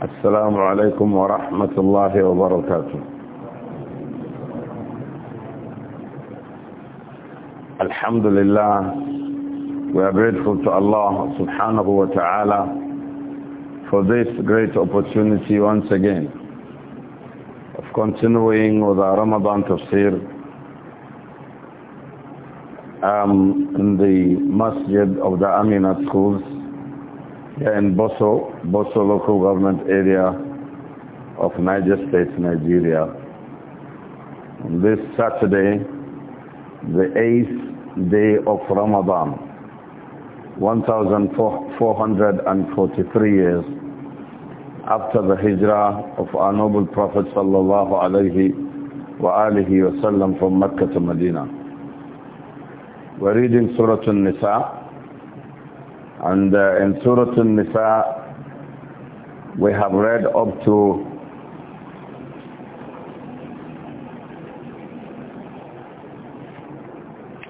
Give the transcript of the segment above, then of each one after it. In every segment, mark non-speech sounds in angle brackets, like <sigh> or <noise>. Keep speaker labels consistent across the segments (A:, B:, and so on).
A: السلام عليكم ورحمة الله وبركاته Alhamdulillah, we are grateful to Allah subhanahu wa ta'ala for this great opportunity once again of continuing with our Ramadan tafsir um, in the masjid of the Aminat schools in Boso, Boso local government area of Niger State, Nigeria. this Saturday, the eighth day of Ramadan, 1443 years after the hijrah of our noble Prophet sallallahu alaihi wasallam from Mecca to Medina. We're reading Surah An-Nisa, and uh, in Surah An-Nisa, we have read up to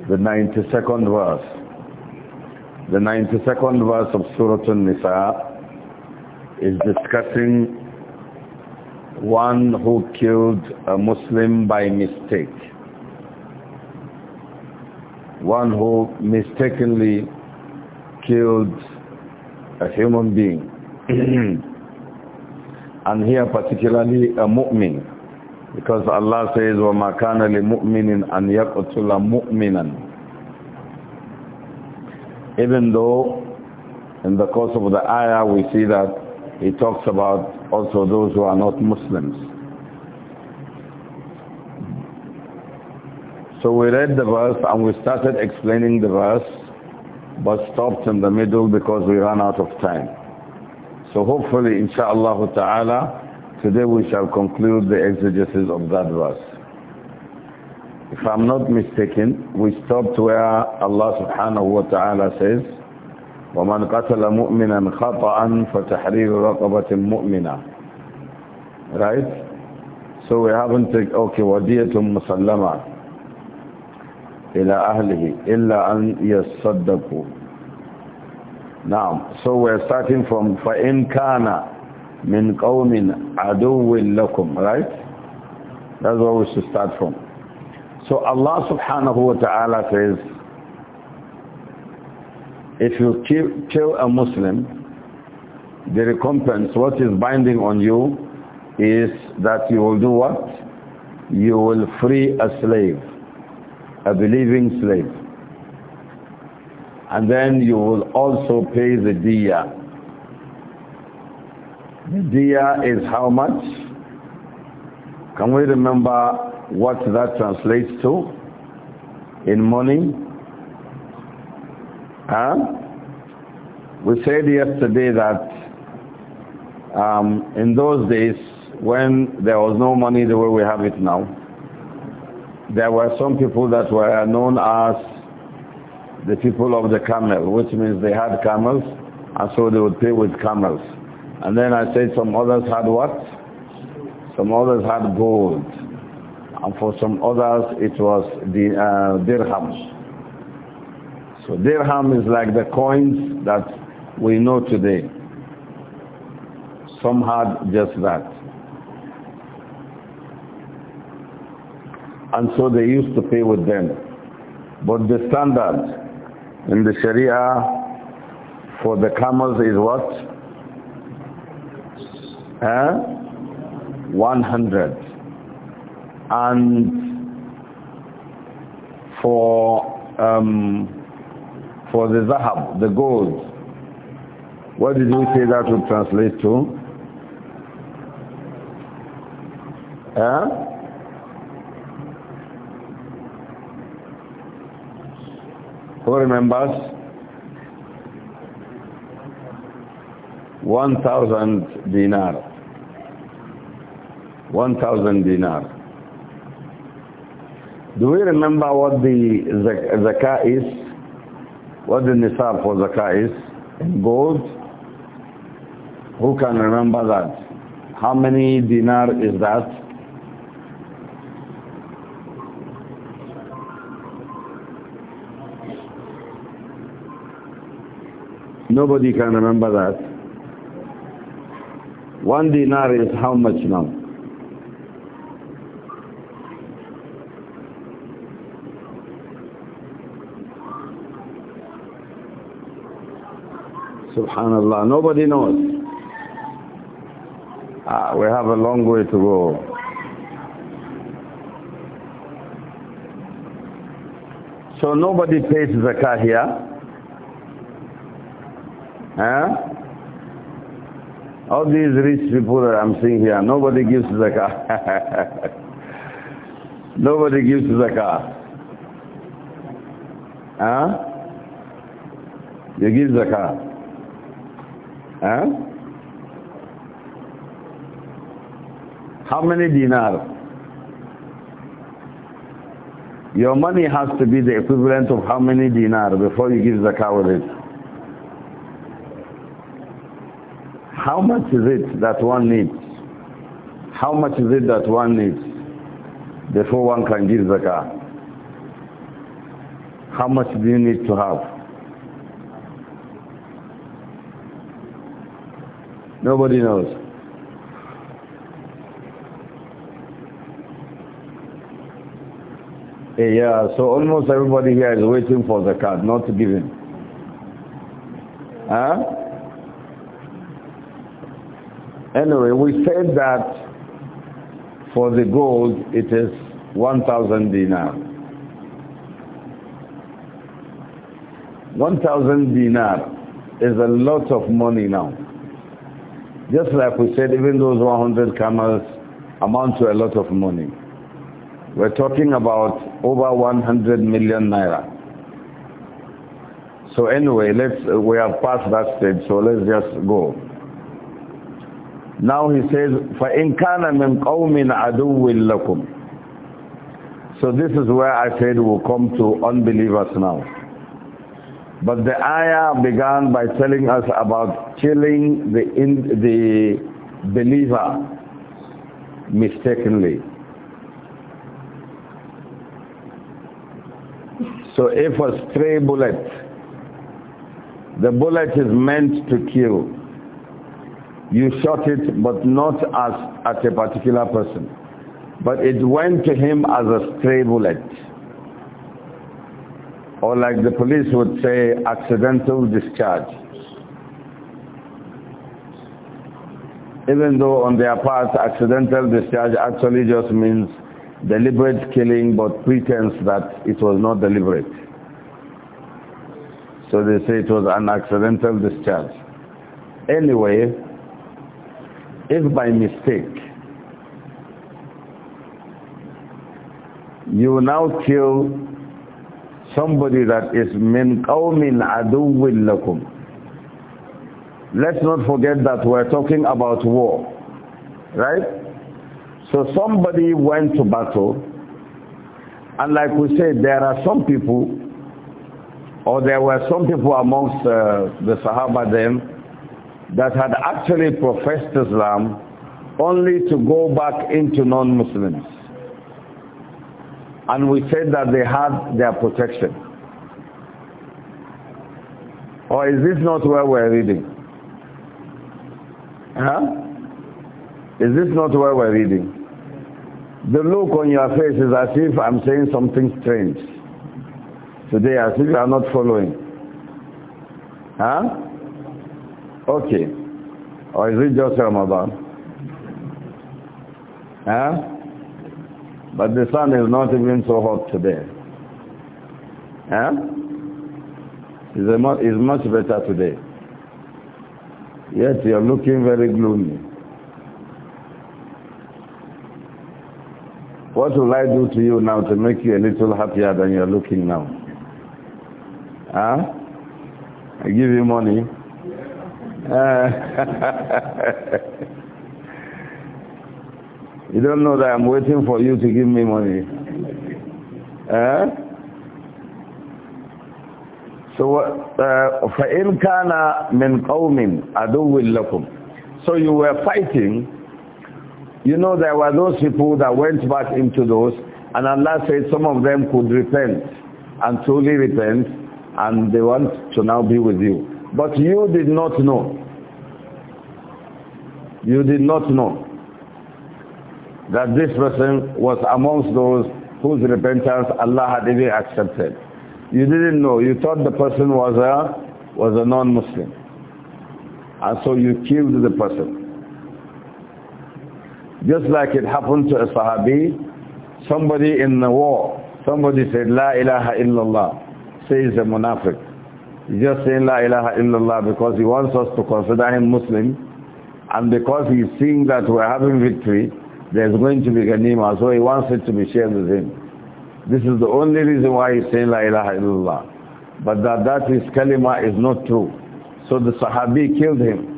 A: the 92nd verse. The 92nd verse of Surah An-Nisa is discussing one who killed a Muslim by mistake. One who mistakenly killed a human being <clears throat> and here particularly a mu'min because Allah says وَمَا كَانَ لِمُؤْمِنٍ أَنْ يَقْتُلَ مُؤْمِنًا even though in the course of the ayah we see that he talks about also those who are not Muslims so we read the verse and we started explaining the verse but stopped in the middle because we ran out of time. So hopefully, insha'Allah ta'ala, today we shall conclude the exegesis of that verse. If I'm not mistaken, we stopped where Allah subhanahu wa ta'ala says, وَمَنْ قَتَلَ مُؤْمِنًا خَطَأً فَتَحْرِيرُ رَقَبَةٍ مُؤْمِنًا Right? So we haven't taken, okay, وَدِيَةٌ مُسَلَّمَةٌ إلى أهله إلا أن يصدقوا نعم so we're starting from فإن كان من قوم عدو لكم right that's where we should start from so Allah subhanahu wa ta'ala says if you kill, kill a Muslim the recompense what is binding on you is that you will do what you will free a slave a believing slave. And then you will also pay the diya. The diya is how much? Can we remember what that translates to in money? Huh? We said yesterday that um, in those days when there was no money the way we have it now, there were some people that were known as the people of the camel, which means they had camels, and so they would pay with camels. And then I said some others had what? Some others had gold. And for some others it was the uh, dirhams. So dirham is like the coins that we know today. Some had just that. and so they used to pay with them. But the standard in the Sharia for the camels is what? Huh? 100. And for um, for the zahab, the gold, what did we say that would translate to? Huh? Who remembers? 1000 dinar. 1000 dinar. Do we remember what the zakah is? What the nisab for zakah is? In gold? Who can remember that? How many dinar is that? Nobody can remember that. One dinar is how much now? Subhanallah, nobody knows. Ah, we have a long way to go. So nobody pays zakah here. Huh? All these rich people that I'm seeing here, nobody gives <laughs> zakah. nobody gives zakah. Huh? You give zakah. Huh? How many dinar? Your money has to be the equivalent of how many dinar before you give zakah with it. How much is it that one needs? How much is it that one needs before one can give zakah? How much do you need to have? Nobody knows. Eh, yeah, so almost everybody here is waiting for the card, not giving. Huh? Anyway, we said that for the gold it is 1,000 dinar. 1,000 dinar is a lot of money now. Just like we said, even those 100 camels amount to a lot of money. We're talking about over 100 million naira. So anyway, let's we have passed that stage, so let's just go. Now he says, فَإِنْ كَانَ مِنْ قَوْمٍ عَدُوٍ So this is where I said we'll come to unbelievers now. But the ayah began by telling us about killing the, in, the believer mistakenly. So if a stray bullet, the bullet is meant to kill, you shot it but not as at a particular person but it went to him as a stray bullet or like the police would say accidental discharge even though on their part accidental discharge actually just means deliberate killing but pretense that it was not deliberate so they say it was an accidental discharge anyway if by mistake you now kill somebody that is min qawmin aduwwin lakum. Let's not forget that we're talking about war, right? So somebody went to battle, and like we said, there are some people, or there were some people amongst uh, the Sahaba then, that had actually professed Islam only to go back into non-Muslims. And we said that they had their protection. Or is this not where we're reading? Huh? Is this not where we're reading? The look on your face is as if I'm saying something strange. Today, as if you are not following. Huh? Okay. Or is it just Ramadan? Huh? But the sun is not even so hot today. Huh? It's, mu it's much better today. Yet you're looking very gloomy. What will I do to you now to make you a little happier than you're looking now? Huh? I give you money. <laughs> you don't know that I'm waiting for you to give me money. Eh? So, فَإِنْ كَانَ مِنْ قَوْمٍ أَدُوٍ لَكُمْ So you were fighting. You know there were those people that went back into those and Allah said some of them could repent and truly repent and they want to now be with you. But you did not know. You did not know that this person was amongst those whose repentance Allah had even accepted. You didn't know. You thought the person was a, was a non-Muslim. And so you killed the person. Just like it happened to a Sahabi, somebody in the war, somebody said, La ilaha illallah, says a munafiq. He's just saying La ilaha illallah because he wants us to consider him Muslim and because he's seeing that we're having victory, there's going to be ghanima, so he wants it to be shared with him. This is the only reason why he's saying La ilaha illallah. But that that is kalima is not true. So the Sahabi killed him.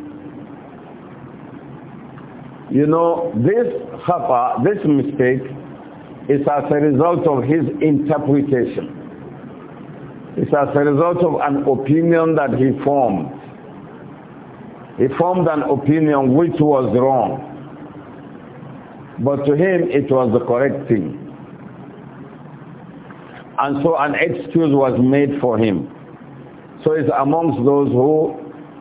A: You know, this khata, this mistake, is as a result of his interpretation. It's as a result of an opinion that he formed he formed an opinion which was wrong. But to him, it was the correct thing. And so an excuse was made for him. So it's amongst those who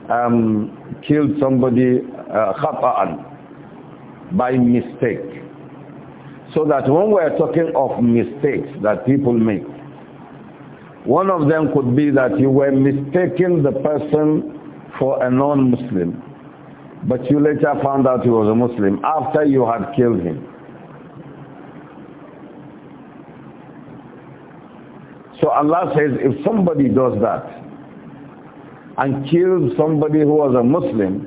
A: um, killed somebody uh, by mistake. So that when we're talking of mistakes that people make, one of them could be that you were mistaking the person for a non-Muslim, but you later found out he was a Muslim after you had killed him. So Allah says if somebody does that and kills somebody who was a Muslim,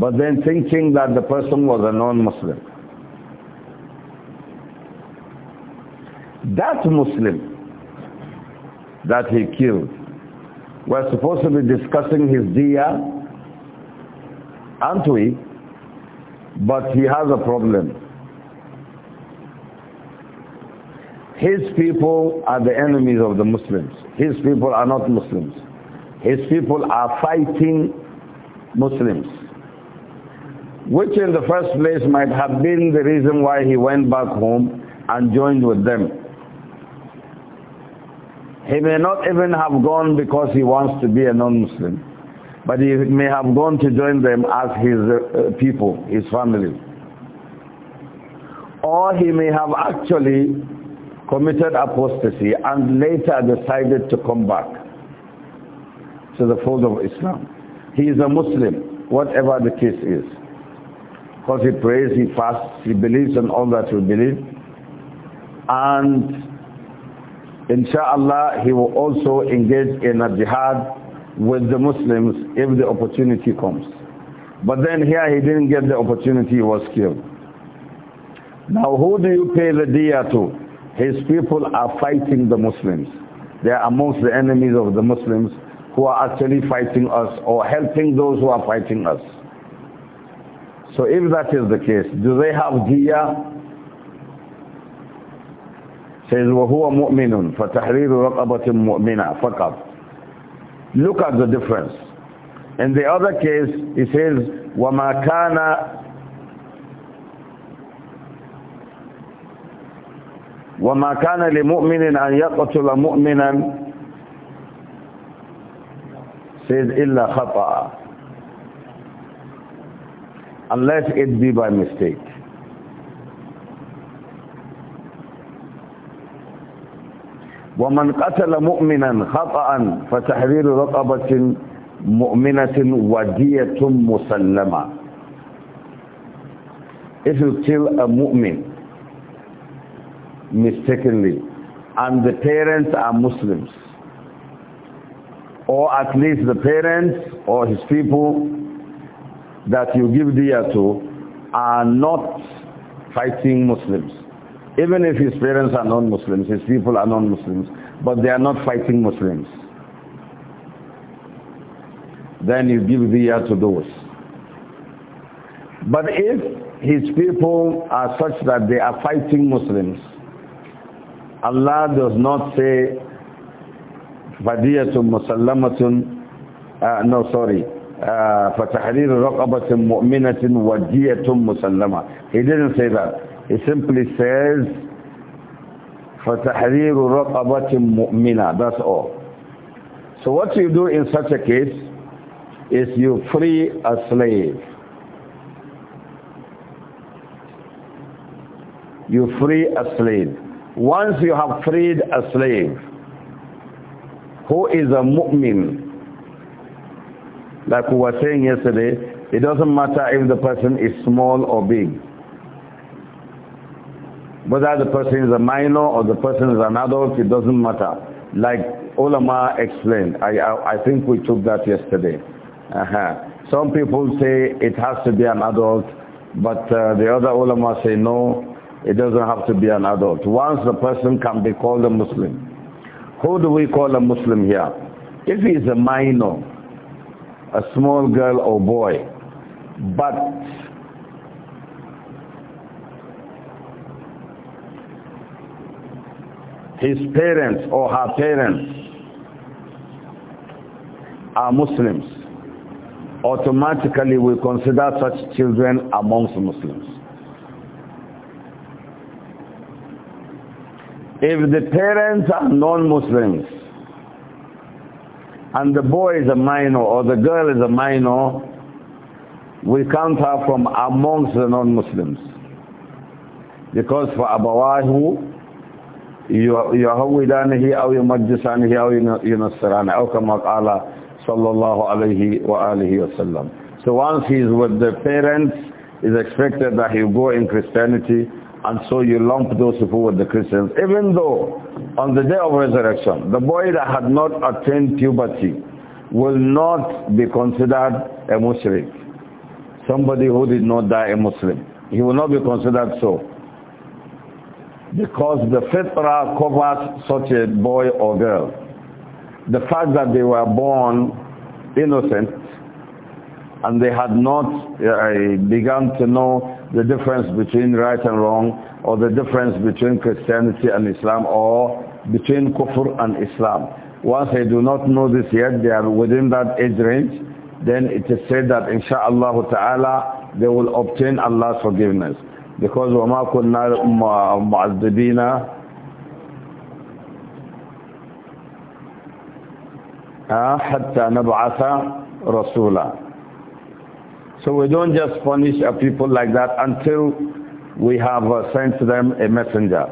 A: but then thinking that the person was a non-Muslim, that Muslim that he killed we're supposed to be discussing his dia, aren't we? But he has a problem. His people are the enemies of the Muslims. His people are not Muslims. His people are fighting Muslims. Which in the first place might have been the reason why he went back home and joined with them. He may not even have gone because he wants to be a non-Muslim, but he may have gone to join them as his uh, people, his family. Or he may have actually committed apostasy and later decided to come back to the fold of Islam. He is a Muslim, whatever the case is. Because he prays, he fasts, he believes in all that we believe. And Inshallah, he will also engage in a jihad with the Muslims if the opportunity comes. But then here he didn't get the opportunity, he was killed. Now who do you pay the dia to? His people are fighting the Muslims. They are amongst the enemies of the Muslims who are actually fighting us or helping those who are fighting us. So if that is the case, do they have dia? says, وَهُوَ مُؤْمِنٌ فَتَحْرِيرُ رَقَبَةٍ مُؤْمِنَةٍ فَقَبْ Look at the difference. In the other case, he says, وَمَا كَانَ وَمَا كَانَ لِمُؤْمِنٍ أَنْ يَقْتُلَ مُؤْمِنًا says, إِلَّا خَطَأً Unless it be by mistake. ومن قتل مؤمنا خطأ فتحرير رقبة مؤمنة ودية مسلمة If you kill a mu'min mistakenly and the parents are Muslims or at least the parents or his people that you give diya to are not fighting Muslims even if his parents are non-Muslims, his people are non-Muslims, but they are not fighting Muslims. Then you give the year to those. But if his people are such that they are fighting Muslims, Allah does not say فَدِيَةٌ مُسَلَّمَةٌ uh, no sorry فَتَحْرِيرُ رَقَبَةٍ مُؤْمِنَةٍ وَدِيَةٌ مُسَلَّمَةٍ He didn't say that. He simply says, فَتَحْرِيرُ رَقَبَةٍ مُؤْمِنَةٍ That's all. So what you do in such a case is you free a slave. You free a slave. Once you have freed a slave who is a mu'min, like we were saying yesterday, it doesn't matter if the person is small or big. Whether the person is a minor or the person is an adult, it doesn't matter. Like ulama explained, I, I, I think we took that yesterday. Uh -huh. Some people say it has to be an adult, but uh, the other ulama say no, it doesn't have to be an adult. Once the person can be called a Muslim. Who do we call a Muslim here? If he is a minor, a small girl or boy, but his parents or her parents are Muslims, automatically we consider such children amongst Muslims. If the parents are non-Muslims and the boy is a minor or the girl is a minor, we count her from amongst the non-Muslims. Because for Abawahu, يهودانه أو يمجسانه أو ينصرانه أو كما قال صلى الله عليه وآله وسلم so once he is with the parents it's expected that he go in Christianity and so you lump those who were the Christians even though on the day of resurrection the boy that had not attained puberty will not be considered a Muslim somebody who did not die a Muslim he will not be considered so because the fitrah covers such a boy or girl. The fact that they were born innocent and they had not uh, begun to know the difference between right and wrong or the difference between Christianity and Islam or between Kufr and Islam. Once they do not know this yet, they are within that age range, then it is said that insha'Allah ta'ala they will obtain Allah's forgiveness because وَمَا كُنَّا مُعَذِّبِينَ حَتَّى نَبْعَثَ رَسُولًا So we don't just punish a people like that until we have uh, sent them a messenger.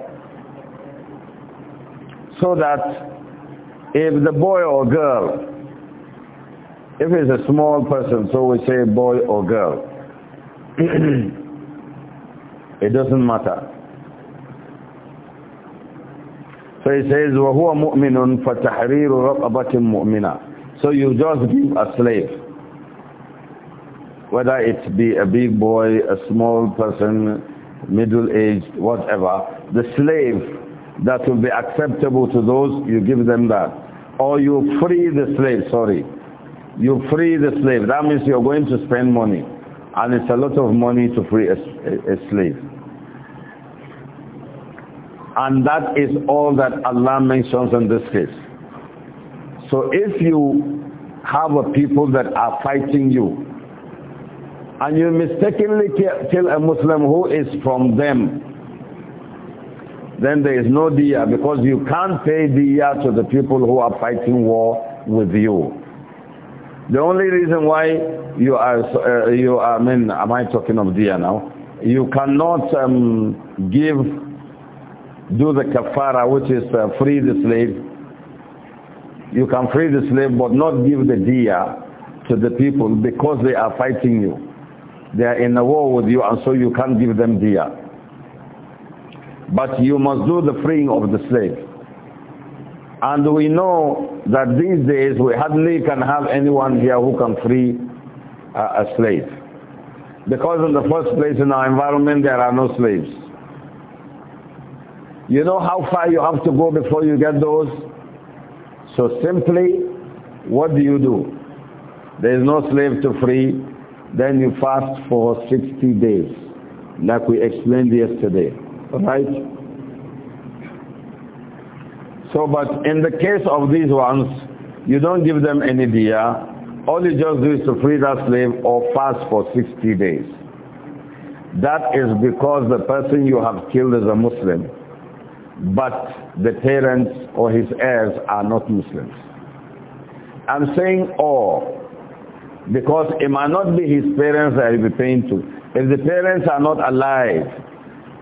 A: So that if the boy or girl, if it's a small person, so we say boy or girl, <clears throat> It doesn't matter. So he says, وَهُوَ مُؤْمِنٌ فَتَحْرِيرُ رَقَبَةٍ مُؤْمِنَةٍ So you just give a slave. Whether it be a big boy, a small person, middle-aged, whatever. The slave that will be acceptable to those, you give them that. Or you free the slave, sorry. You free the slave. That means you're going to spend money. And it's a lot of money to free a, a, a slave. And that is all that Allah mentions in this case. So if you have a people that are fighting you, and you mistakenly kill a Muslim who is from them, then there is no diya because you can't pay diya to the people who are fighting war with you. The only reason why you are, uh, you are, I mean, am I talking of diya now? You cannot um, give do the kafara, which is uh, free the slave. You can free the slave, but not give the diya to the people because they are fighting you. They are in a war with you, and so you can't give them diya. But you must do the freeing of the slave. And we know that these days we hardly can have anyone here who can free uh, a slave. Because in the first place in our environment there are no slaves. You know how far you have to go before you get those? So simply, what do you do? There is no slave to free. Then you fast for 60 days, like we explained yesterday. Right? So, but in the case of these ones, you don't give them any dia. All you just do is to free that slave or fast for 60 days. That is because the person you have killed is a Muslim but the parents or his heirs are not Muslims. I'm saying all because it might not be his parents that he'll be paying to. If the parents are not alive,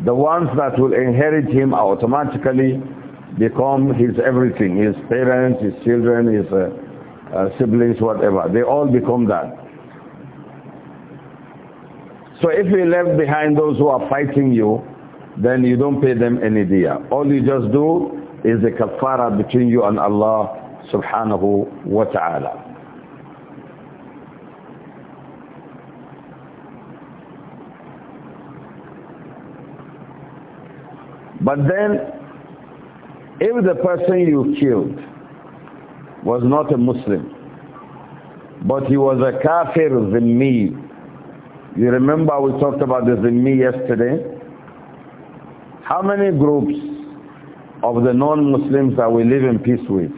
A: the ones that will inherit him automatically become his everything, his parents, his children, his uh, uh, siblings, whatever. They all become that. So if you left behind those who are fighting you, then you don't pay them any diya. All you just do is a kafara between you and Allah subhanahu wa ta'ala. But then, if the person you killed was not a Muslim, but he was a kafir zimmi, you remember we talked about the zimmi yesterday? How many groups of the non-Muslims that we live in peace with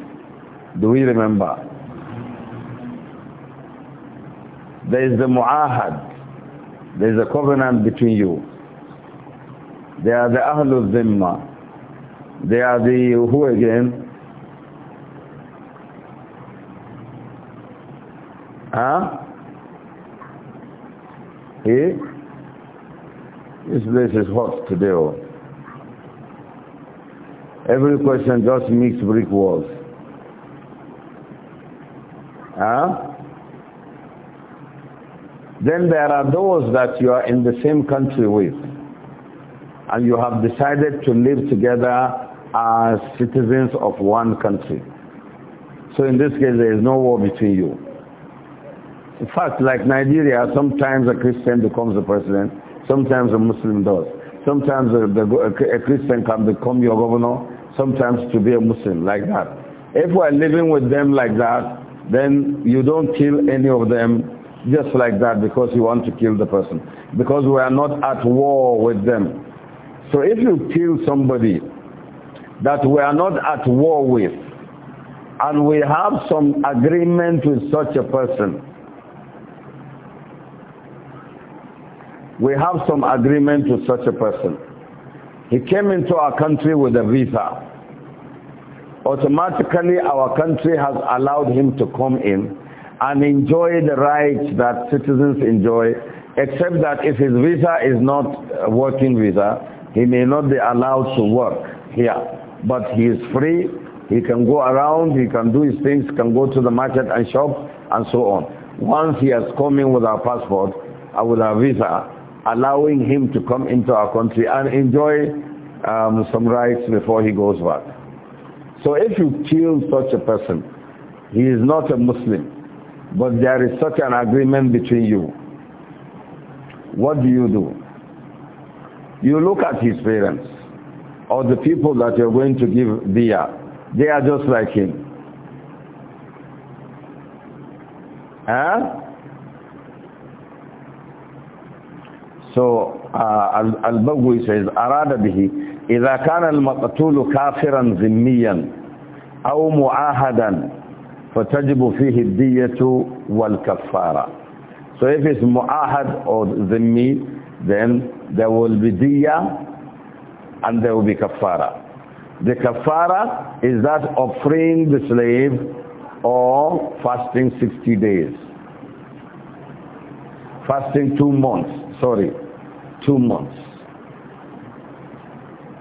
A: do we remember? There is the mu'ahad. There is a covenant between you. They are the Ahlul Zimma. They are the, who again? Huh? He? This place is hot today. Oh. Every question just makes brick walls. Huh? Then there are those that you are in the same country with and you have decided to live together as citizens of one country. So in this case, there is no war between you. In fact, like Nigeria, sometimes a Christian becomes the president, sometimes a Muslim does. Sometimes a, a Christian can become your governor, sometimes to be a Muslim like that. If we're living with them like that, then you don't kill any of them just like that because you want to kill the person. Because we are not at war with them. So if you kill somebody that we are not at war with, and we have some agreement with such a person, we have some agreement with such a person, he came into our country with a visa. Automatically, our country has allowed him to come in and enjoy the rights that citizens enjoy, except that if his visa is not a working visa, he may not be allowed to work here. But he is free, he can go around, he can do his things, can go to the market and shop, and so on. Once he has come in with our passport, and with our visa, allowing him to come into our country and enjoy um, some rights before he goes back. So if you kill such a person, he is not a Muslim, but there is such an agreement between you. What do you do? You look at his parents or the people that you're going to give via. They are just like him. Huh? So uh, Al-Bagwi says, أراد به إذا كان المقتول كافرا ذميا أو معاهدا فتجب فيه الدية kaffara. So if it's mu'ahad or zimmi, then there will be diya and there will be kafara. The kafara is that of freeing the slave or fasting 60 days. Fasting two months, sorry two months.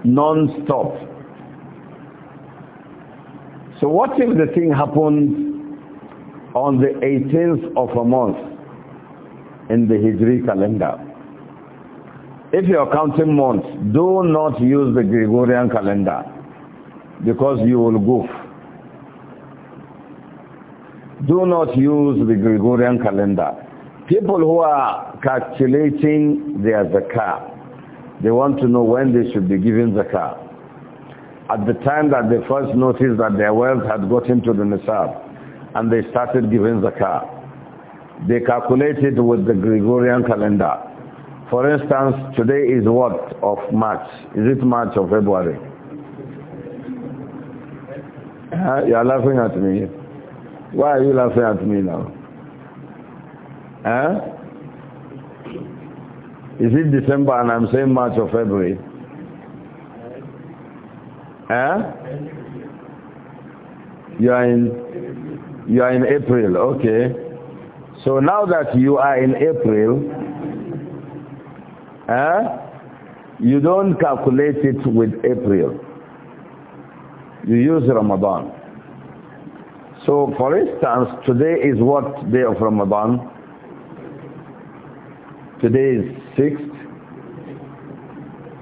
A: Non-stop. So what if the thing happens on the 18th of a month in the Hijri calendar? If you are counting months, do not use the Gregorian calendar because you will goof. Do not use the Gregorian calendar People who are calculating their zakah, they want to know when they should be giving zakah. At the time that they first noticed that their wealth had gotten to the nisab, and they started giving zakah. They calculated with the Gregorian calendar. For instance, today is what of March? Is it March or February? Uh, you are laughing at me. Why are you laughing at me now? Eh? Is it December and I'm saying March or February? Eh? You are in you are in April, okay. So now that you are in April, eh? You don't calculate it with April. You use Ramadan. So for instance, today is what day of Ramadan? Today is 6th.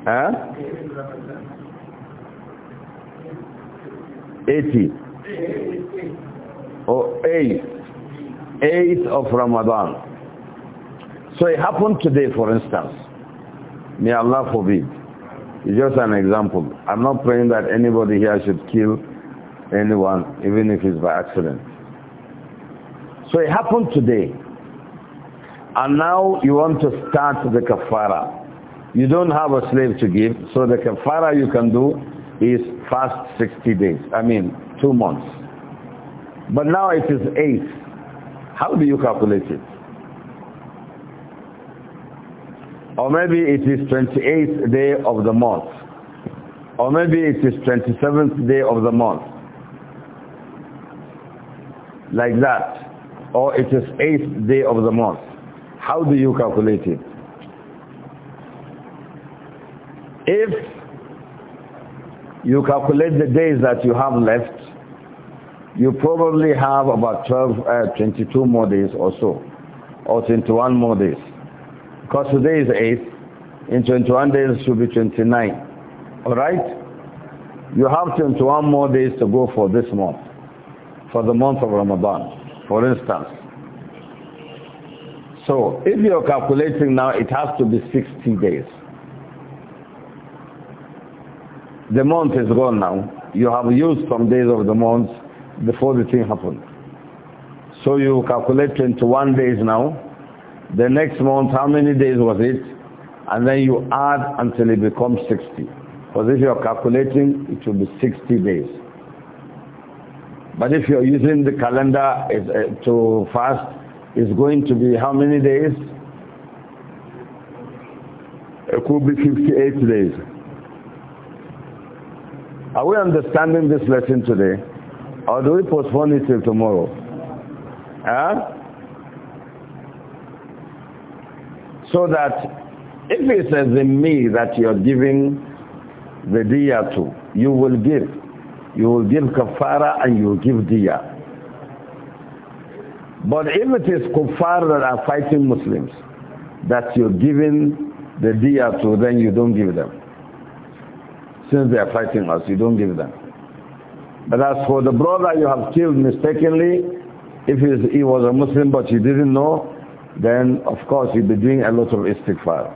A: Huh? 80. Or oh, 8th. 8th of Ramadan. So it happened today, for instance. May Allah forbid. It's just an example. I'm not praying that anybody here should kill anyone, even if it's by accident. So it happened today. And now you want to start the kafara. You don't have a slave to give, so the kafara you can do is fast 60 days. I mean, two months. But now it is eight. How do you calculate it? Or maybe it is 28th day of the month. Or maybe it is 27th day of the month. Like that. Or it is 8th day of the month. How do you calculate it? If you calculate the days that you have left, you probably have about 12, uh, 22 more days or so, or 21 more days. Because today is 8, in 21 days should be 29. Alright? You have 21 more days to go for this month, for the month of Ramadan, for instance. So if you're calculating now, it has to be 60 days. The month is gone now. You have used some days of the month before the thing happened. So you calculate 21 days now. The next month, how many days was it? And then you add until it becomes 60. Because if you're calculating, it will be 60 days. But if you're using the calendar uh, to fast, is going to be how many days? It could be 58 days. Are we understanding this lesson today? Or do we postpone it till tomorrow? Huh? So that if it's in me that you're giving the diya to, you will give. You will give kafara and you will give diya. But if it is kuffar that are fighting Muslims, that you're giving the diya to, then you don't give them. Since they are fighting us, you don't give them. But as for the brother you have killed mistakenly, if he was a Muslim but you didn't know, then of course you'll be doing a lot of istighfar.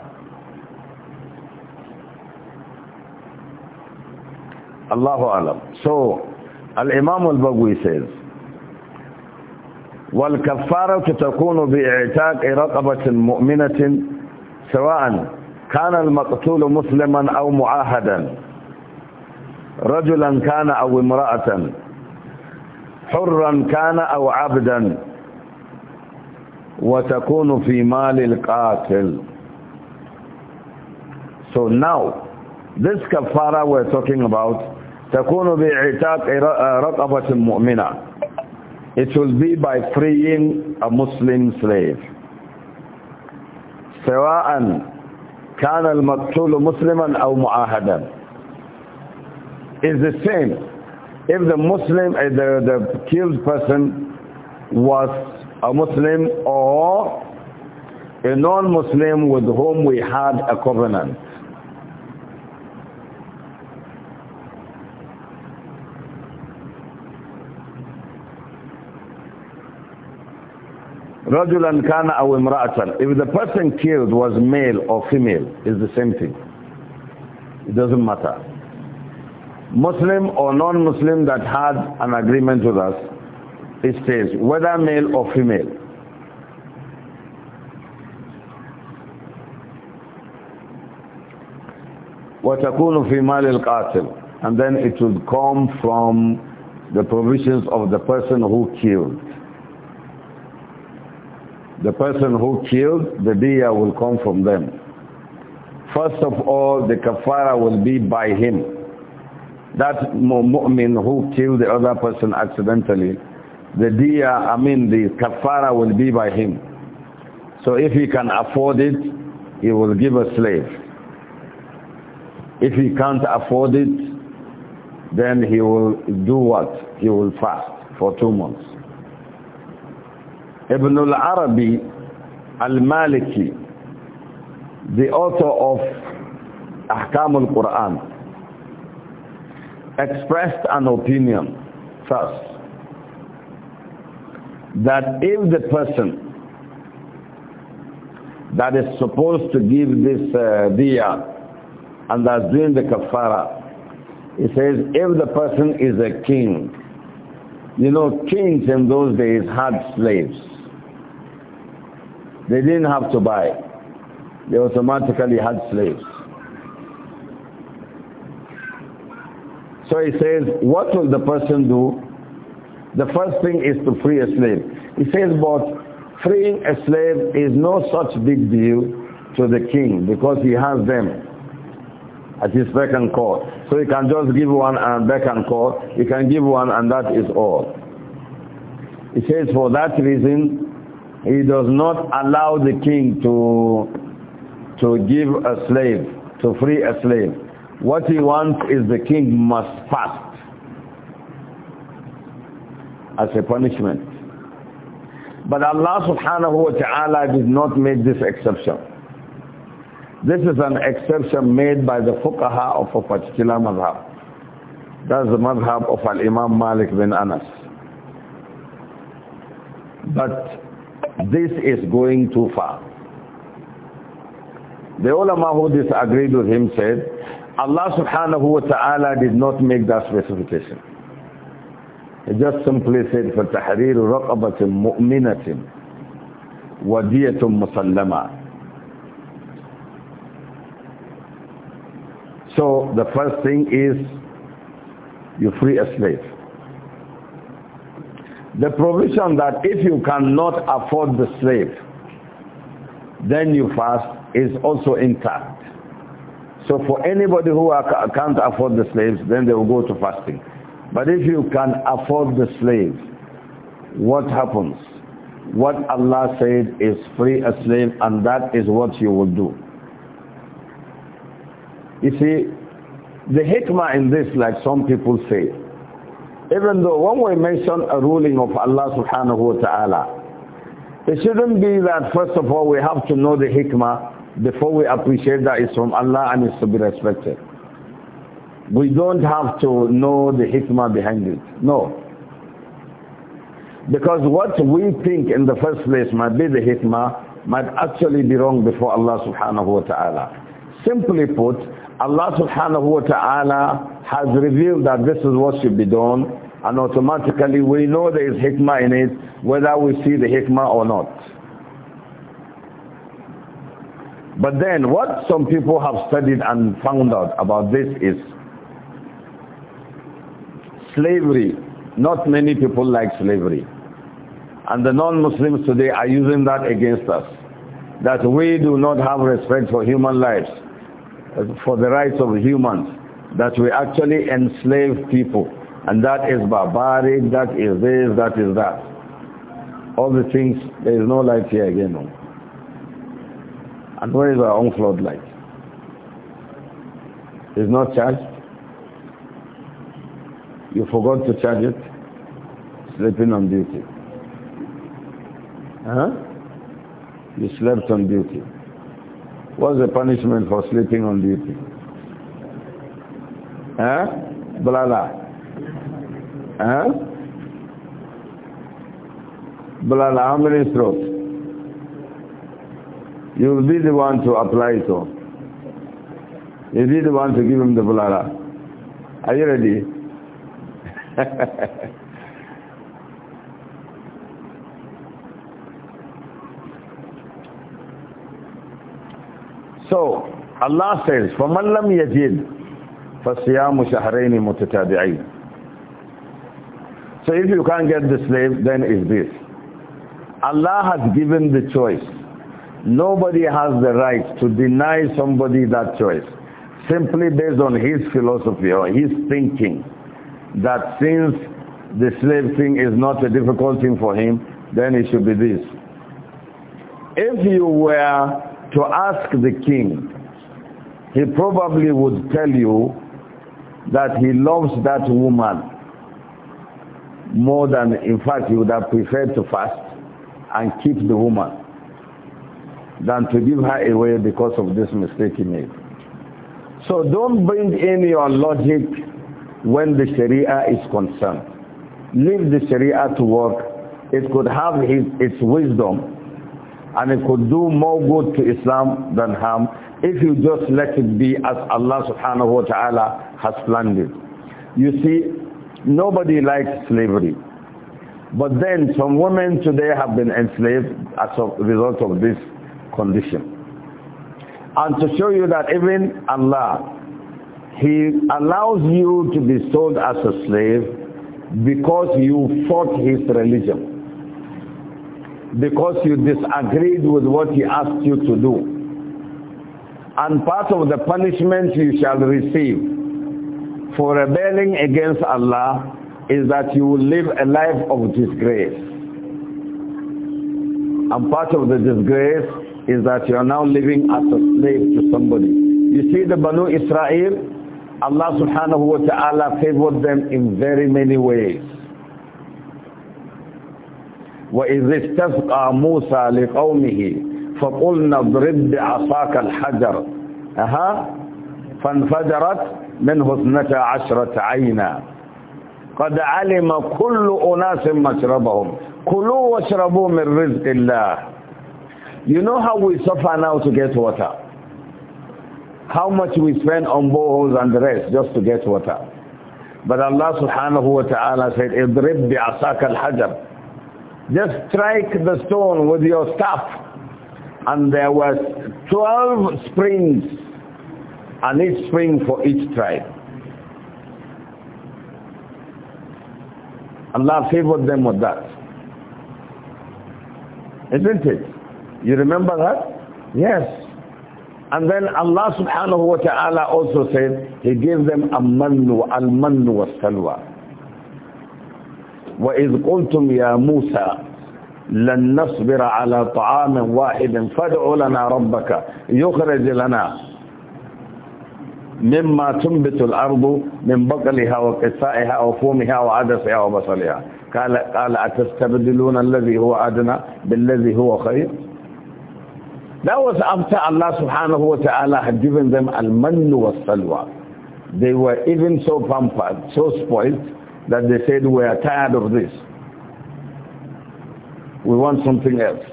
A: Allahu Alam. So, Al-Imam al-Bagwi says, والكفارة تكون بإعتاق رقبة مؤمنة سواء كان المقتول مسلما أو معاهدا رجلا كان أو امرأة حرا كان أو عبدا وتكون في مال القاتل So now, this kafara we're talking about, تكون بإعتاق رقبة مؤمنة It will be by freeing a Muslim slave. سواء كان المقتول مسلما أو معاهدا is the same if the Muslim, eh, the, the killed person was a Muslim or a non-Muslim with whom we had a covenant. Rajulan kana aw imra'atan. If the person killed was male or female, it's the same thing. It doesn't matter. Muslim or non-Muslim that had an agreement with us, it says whether male or female. وتكون في مال القاتل and then it will come from the provisions of the person who killed the person who killed, the diya will come from them. First of all, the kafara will be by him. That mu'min who killed the other person accidentally, the diya, I mean the kafara will be by him. So if he can afford it, he will give a slave. If he can't afford it, then he will do what? He will fast for two months. Ibn al-Arabi al-Maliki, the author of Ahkam al-Quran, expressed an opinion first that if the person that is supposed to give this uh, diya and that's doing the kafara, he says if the person is a king, you know kings in those days had slaves they didn't have to buy. They automatically had slaves. So he says, what will the person do? The first thing is to free a slave. He says, but freeing a slave is no such big deal to the king because he has them at his beck and call. So he can just give one and beck and call. He can give one and that is all. He says, for that reason, he does not allow the king to to give a slave to free a slave what he wants is the king must fast as a punishment but Allah subhanahu wa ta'ala did not make this exception this is an exception made by the fuqaha of a particular madhab that's the madhab of al-imam Malik bin Anas but this is going too far. The ulama who disagreed with him said, Allah subhanahu wa ta'ala did not make that specification. He just simply said, فَتَحْرِيرُ رَقَبَةٍ مُؤْمِنَةٍ وَدِيَةٌ مُسَلَّمَةٍ So the first thing is you free a slave. The provision that if you cannot afford the slave, then you fast is also intact. So for anybody who can't afford the slaves, then they will go to fasting. But if you can afford the slave, what happens? What Allah said is free a slave and that is what you will do. You see, the hikmah in this, like some people say, even though when we mention a ruling of Allah subhanahu wa ta'ala, it shouldn't be that first of all we have to know the hikmah before we appreciate that it's from Allah and it's to be respected. We don't have to know the hikmah behind it. No. Because what we think in the first place might be the hikmah might actually be wrong before Allah subhanahu wa ta'ala. Simply put, Allah subhanahu wa ta'ala has revealed that this is what should be done and automatically we know there is hikmah in it whether we see the hikmah or not. But then what some people have studied and found out about this is slavery. Not many people like slavery. And the non-Muslims today are using that against us. That we do not have respect for human lives for the rights of humans, that we actually enslave people. And that is barbaric, that is this, that is that. All the things, there is no light here again. No. And where is our own floodlight? It's not charged. You forgot to charge it. Sleeping on duty. Huh? You slept on duty. What's the punishment for sleeping on duty? Huh? Blala. Huh? Blala, how many strokes? You will be the one to apply it on. You will be the one to give him the blala. Are you ready? <laughs> So, Allah says, فَمَنْ لَمْ يَجِدْ فَسِيَامُ شَهْرَيْنِ مُتَتَابِعِينَ So if you can't get the slave, then is this. Allah has given the choice. Nobody has the right to deny somebody that choice. Simply based on his philosophy or his thinking that since the slave thing is not a difficult thing for him, then it should be this. If you were to ask the king, he probably would tell you that he loves that woman more than, in fact, he would have preferred to fast and keep the woman than to give her away because of this mistake he made. So don't bring in your logic when the Sharia is concerned. Leave the Sharia to work. It could have its wisdom and it could do more good to Islam than harm if you just let it be as Allah subhanahu wa ta'ala has planned it. You see, nobody likes slavery. But then some women today have been enslaved as a result of this condition. And to show you that even Allah, He allows you to be sold as a slave because you fought His religion because you disagreed with what he asked you to do. And part of the punishment you shall receive for rebelling against Allah is that you will live a life of disgrace. And part of the disgrace is that you are now living as a slave to somebody. You see the Banu Israel, Allah subhanahu wa ta'ala favored them in very many ways. وإذ استسقى موسى لقومه فقلنا اضرب بعصاك الحجر أها فانفجرت منه اثنتا عشرة عينا قد علم كل أناس مشربهم كلوا واشربوا من رزق الله You know how we suffer now to get water How much we spend on boreholes and the rest just to get water But Allah subhanahu wa ta'ala said اضرب بعصاك الحجر Just strike the stone with your staff. And there were 12 springs, and each spring for each tribe. Allah favored them with that. Isn't it? You remember that? Yes. And then Allah subhanahu wa ta'ala also said, He gave them a manu al manu wa salwa. وإذ قلتم يا موسى لن نصبر على طعام واحد فادع لنا ربك يخرج لنا مما تنبت الأرض من بقلها وقثائها وفومها وعدسها وبصلها قال قال أتستبدلون الذي هو أدنى بالذي هو خير That was after Allah subhanahu wa ta'ala had given them al-mannu wa salwa. They were even so pampered, so spoiled, that they said we are tired of this. We want something else.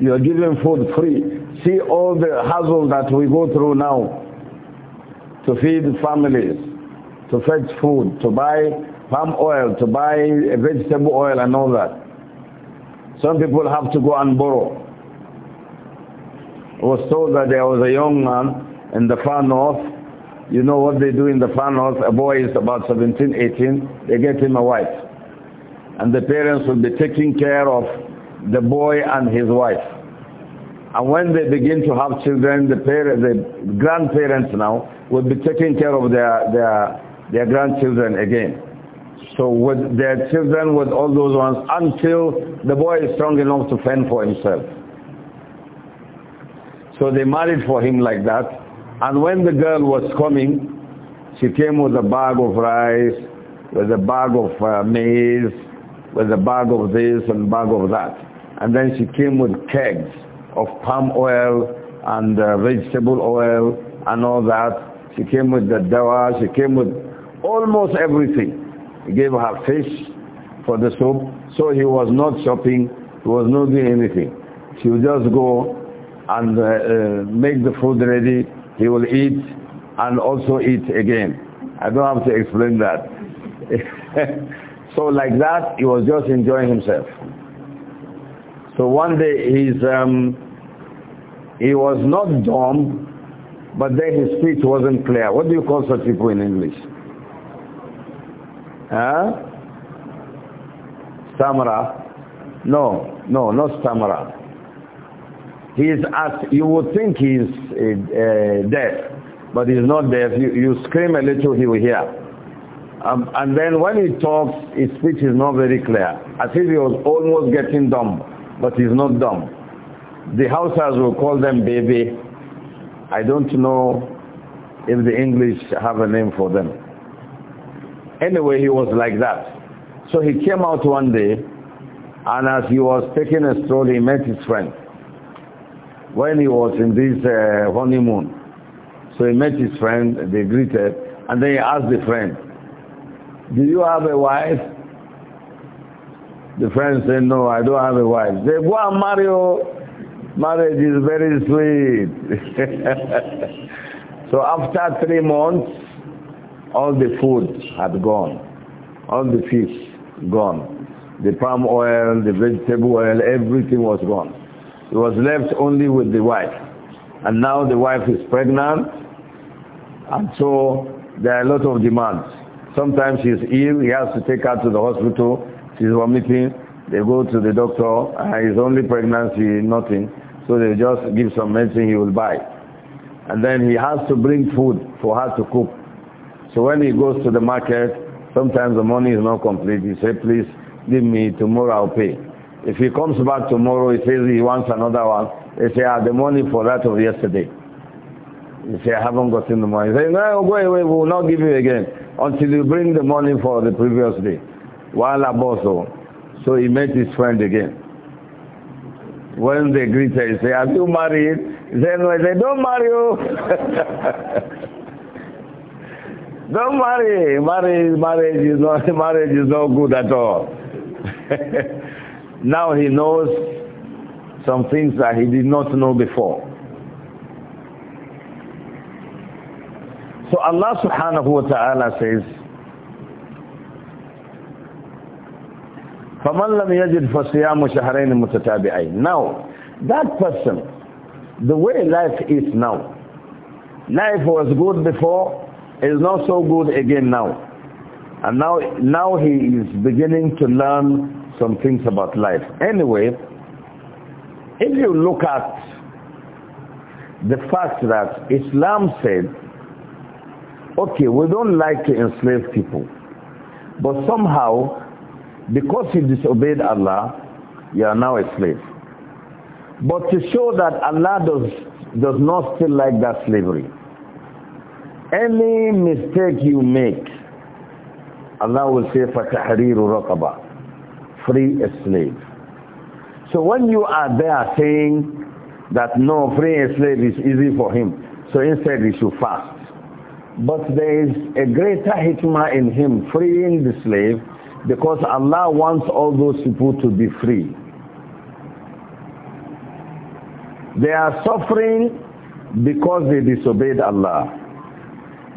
A: You are given food free. See all the hassle that we go through now to feed families, to fetch food, to buy palm oil, to buy vegetable oil and all that. Some people have to go and borrow. I was told that there was a young man in the far north you know what they do in the far north? A boy is about 17, 18, they get him a wife. And the parents will be taking care of the boy and his wife. And when they begin to have children, the, parents, the grandparents now will be taking care of their, their, their grandchildren again. So with their children, with all those ones, until the boy is strong enough to fend for himself. So they married for him like that and when the girl was coming, she came with a bag of rice, with a bag of uh, maize, with a bag of this and bag of that. And then she came with kegs of palm oil and uh, vegetable oil and all that. She came with the dawa, she came with almost everything. He gave her fish for the soup. So he was not shopping, he was not doing anything. She would just go and uh, uh make the food ready he will eat and also eat again. I don't have to explain that. <laughs> so like that, he was just enjoying himself. So one day he's, um, he was not dumb, but then his speech wasn't clear. What do you call such people in English? Huh? Stammerer? No, no, not stammerer. He's as you would think he's dead, uh, uh but he's not dead. You, you scream a little, he will hear. Um, and then when he talks, his speech is not very clear, as if he was almost getting dumb, but he's not dumb. The Hausas will call them baby. I don't know if the English have a name for them. Anyway, he was like that. So he came out one day, and as he was taking a stroll, he met his friend when he was in this uh, honeymoon. So he met his friend, they greeted, and then he asked the friend, do you have a wife? The friend said, no, I don't have a wife. They one Mario Marriage is very sweet. <laughs> so after three months, all the food had gone. All the fish gone. The palm oil, the vegetable oil, everything was gone. He was left only with the wife. And now the wife is pregnant. And so there are a lot of demands. Sometimes is ill. He has to take her to the hospital. She's vomiting. They go to the doctor. and he's only pregnancy, nothing. So they just give some medicine he will buy. And then he has to bring food for her to cook. So when he goes to the market, sometimes the money is not complete. He says, please give me tomorrow I'll pay. If he comes back tomorrow, he says he wants another one, they say, ah, the money for that of yesterday. He say, I haven't gotten the money. They say, no, go away, we will not give you again until you bring the money for the previous day. Wala boso. Oh, so he met his friend again. When they greet her, he say, "Are you married? He said, no, he don't marry you. Oh. <laughs> Don't marry. Marriage, marriage is not <laughs> marriage is not good at all. <laughs> Now he knows some things that he did not know before. So Allah subhanahu wa ta'ala says, فَمَنْ لَمْ يَجِدْ فَصِيَامُ شَهْرَيْنِ مُتَتَابِعَيْنِ Now, that person, the way life is now, life was good before, is not so good again now. And now, now he is beginning to learn some things about life. Anyway, if you look at the fact that Islam said, okay, we don't like to enslave people, but somehow, because you disobeyed Allah, you are now a slave. But to show that Allah does, does not still like that slavery, any mistake you make, Allah will say, فَتَحْرِيرُ رَقَبَةً free a slave. So when you are there saying that no, free a slave is easy for him, so instead he should fast. But there is a greater hikmah in him freeing the slave because Allah wants all those people to be free. They are suffering because they disobeyed Allah.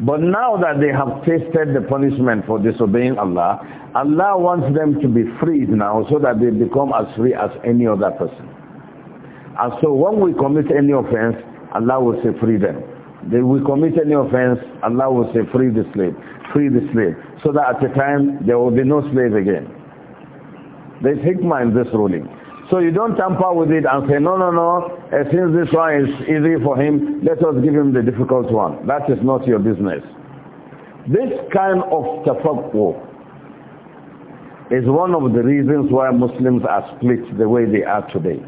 A: But now that they have tasted the punishment for disobeying Allah, Allah wants them to be freed now so that they become as free as any other person. And so when we commit any offense, Allah will say free them. If we commit any offense, Allah will say free the slave, free the slave. So that at the time there will be no slave again. There's hikmah in this ruling. So you don't tamper with it and say, no, no, no, since this one is easy for him, let us give him the difficult one. That is not your business. This kind of tafakkur is one of the reasons why Muslims are split the way they are today.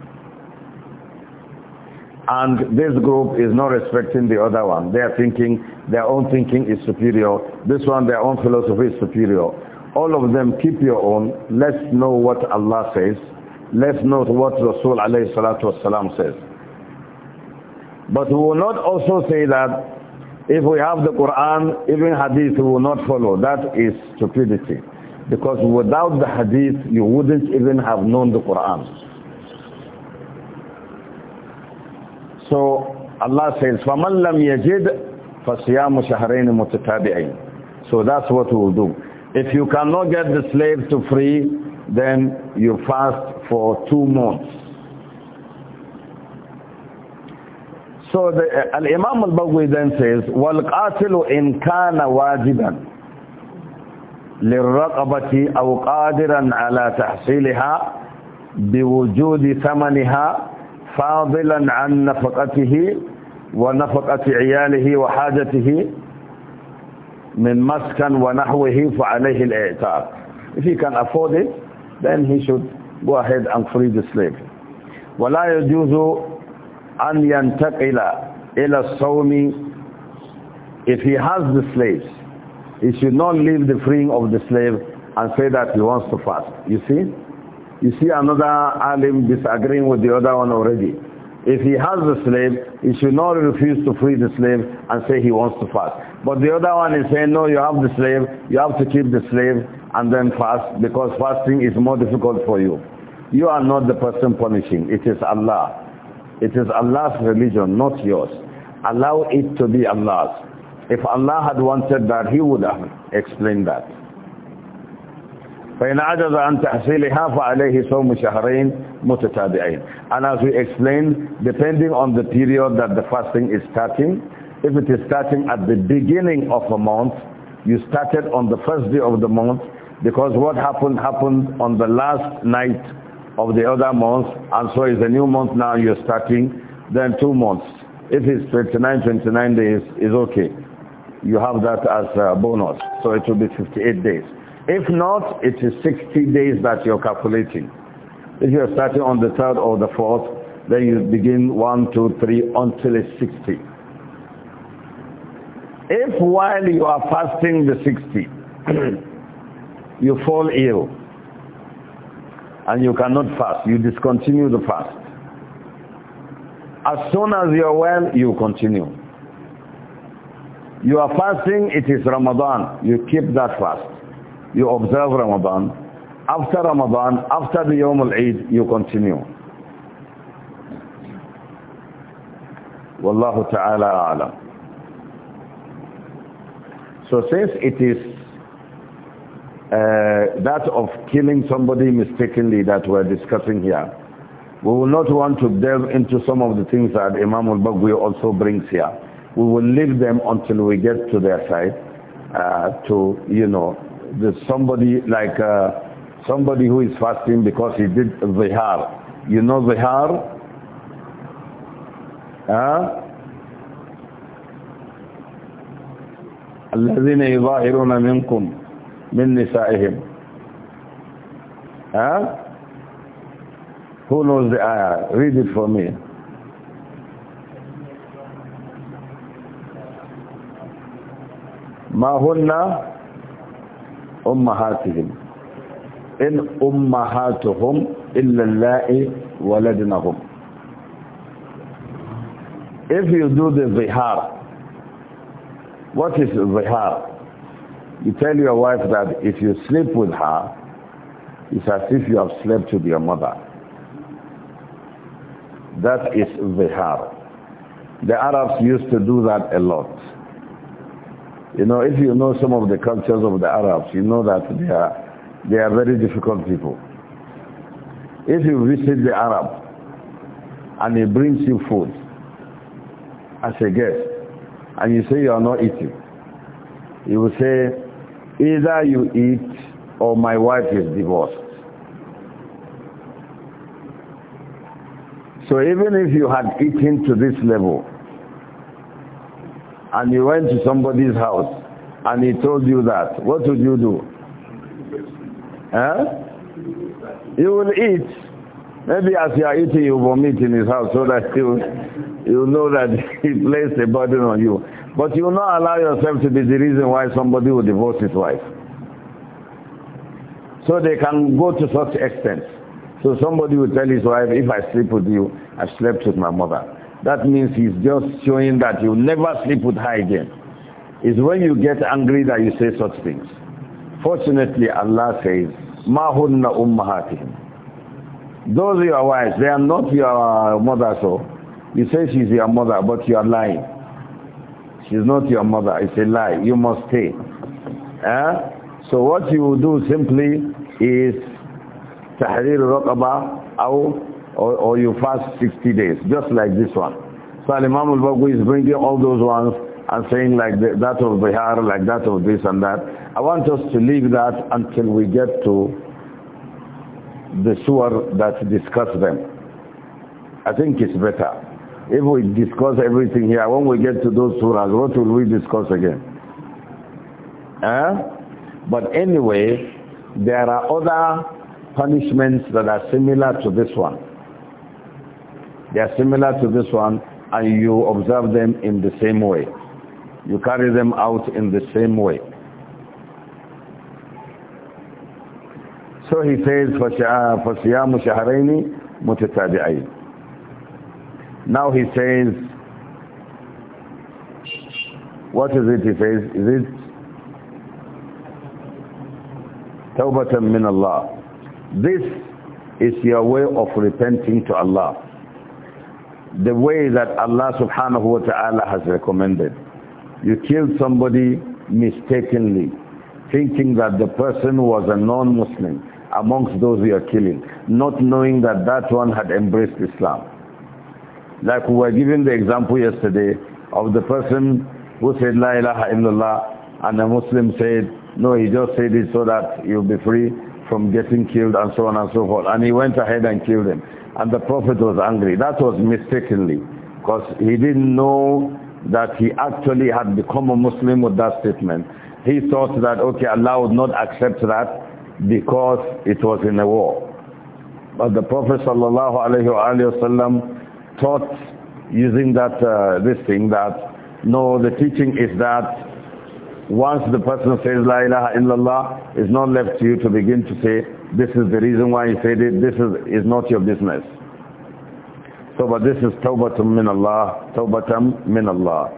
A: And this group is not respecting the other one. They are thinking their own thinking is superior. This one, their own philosophy is superior. All of them, keep your own. Let's know what Allah says Let's note what Rasul alayhi salatu wasalam says. But we will not also say that if we have the Quran, even hadith we will not follow. That is stupidity. Because without the hadith, you wouldn't even have known the Quran. So Allah says, فَمَنْ لَمْ يَجِدْ فَصِيَامُ شَهْرَيْنِ مُتَتَابِعِينَ So that's what we will do. If you cannot get the slave to free, then you fast for two months. So the, uh, Imam al-Baghawi then says, وَالْقَاتِلُ إِنْ كَانَ وَاجِبًا لِلرَّقَبَةِ أَوْ قَادِرًا عَلَى تَحْصِيلِهَا بِوُجُودِ ثَمَنِهَا فَاضِلًا عَنْ نَفَقَتِهِ ونفقة عياله وحاجته من مسكن ونحوه فعليه الإعتاق. If he can afford it, then he should go ahead and free the slave. ولا يجوز أن ينتقل إلى الصوم if he has the slaves he should not leave the freeing of the slave and say that he wants to fast you see you see another alim disagreeing with the other one already if he has the slave he should not refuse to free the slave and say he wants to fast but the other one is saying no you have the slave you have to keep the slave and then fast because fasting is more difficult for you. You are not the person punishing. It is Allah. It is Allah's religion, not yours. Allow it to be Allah's. If Allah had wanted that, He would have explained that. فإن عجز عن فعليه صوم شهرين متتابعين. And as we explained, depending on the period that the fasting is starting, if it is starting at the beginning of a month, you started on the first day of the month, because what happened happened on the last night of the other month and so it's a new month now you're starting, then two months. If it's 29, 29 days, is okay. You have that as a bonus. So it will be 58 days. If not, it is 60 days that you're calculating. If you're starting on the 3rd or the 4th, then you begin 1, 2, 3 until it's 60. If while you are fasting the 60, <clears throat> you fall ill and you cannot fast. You discontinue the fast. As soon as you are well, you continue. You are fasting, it is Ramadan. You keep that fast. You observe Ramadan. After Ramadan, after the Yom al-Eid, you continue. Wallahu ta'ala alam. So since it is uh, that of killing somebody mistakenly that we're discussing here. We will not want to delve into some of the things that Imam al-Bagwi also brings here. We will leave them until we get to their side uh, to, you know, somebody like uh, somebody who is fasting because he did zihar. You know zihar? Huh? الذين يظاهرون منكم من nisa'ihim. Who knows the ayah? Read it for me. ما هن أمهاتهم إن أمهاتهم إلا اللائي ولدنهم If you do the zihar, what is zihar? You tell your wife that if you sleep with her, it's as if you have slept with your mother. That is vihar. The Arabs used to do that a lot. You know, if you know some of the cultures of the Arabs, you know that they are, they are very difficult people. If you visit the Arab and he brings you food as a guest, and you say you are not eating, he will say, Either you eat or my wife is divorced. So even if you had eaten to this level and you went to somebody's house and he told you that, what would you do? Huh? You will eat. Maybe as you are eating, you vomit in his house so that <laughs> you, you know that <laughs> he placed a burden on you. But you will not allow yourself to be the reason why somebody will divorce his wife. So they can go to such extent. So somebody will tell his wife, if I sleep with you, I slept with my mother. That means he's just showing that you never sleep with her again. It's when you get angry that you say such things. Fortunately, Allah says, مَا أُمَّهَاتِهِمْ Those are your wives, they are not your mother, so. You say she's your mother, but you are lying. She's not your mother. It's a lie. You must stay. Eh? So what you do simply is tahrir raqaba or, or you fast 60 days, just like this one. So Imam al-Bagwi is bringing all those ones and saying like the, that of Bihar, like that of this and that. I want us to leave that until we get to the surah that discuss them. I think it's better. If we discuss everything here, when we get to those surahs, what will we discuss again? Huh? But anyway, there are other punishments that are similar to this one. They are similar to this one and you observe them in the same way. You carry them out in the same way. So he says, فَصِيَامُ شَهَرَيْنِ مُتَتَابِعَيْنِ now he says, what is it he says? Is it Tawbatan min Allah? This is your way of repenting to Allah. The way that Allah subhanahu wa ta'ala has recommended. You kill somebody mistakenly, thinking that the person was a non-Muslim amongst those you are killing, not knowing that that one had embraced Islam. Like we were giving the example yesterday of the person who said La ilaha illallah and a Muslim said, no, he just said it so that you'll be free from getting killed and so on and so forth. And he went ahead and killed him. And the Prophet was angry. That was mistakenly because he didn't know that he actually had become a Muslim with that statement. He thought that, okay, Allah would not accept that because it was in a war. But the Prophet sallallahu alayhi wa taught using that uh, this thing that no the teaching is that once the person says la ilaha illallah it's not left to you to begin to say this is the reason why he said it this is is not your business so but this is tawbatun min Allah tawbatan min Allah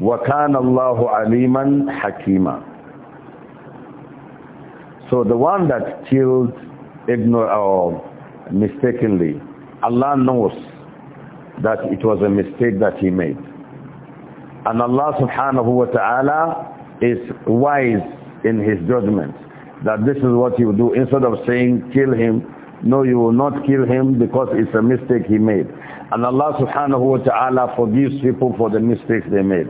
A: wa kana Allahu aliman hakima so the one that killed ignore or mistakenly. Allah knows that it was a mistake that he made. And Allah subhanahu wa ta'ala is wise in his judgment that this is what you do. Instead of saying, kill him, no, you will not kill him because it's a mistake he made. And Allah subhanahu wa ta'ala forgives people for the mistakes they made.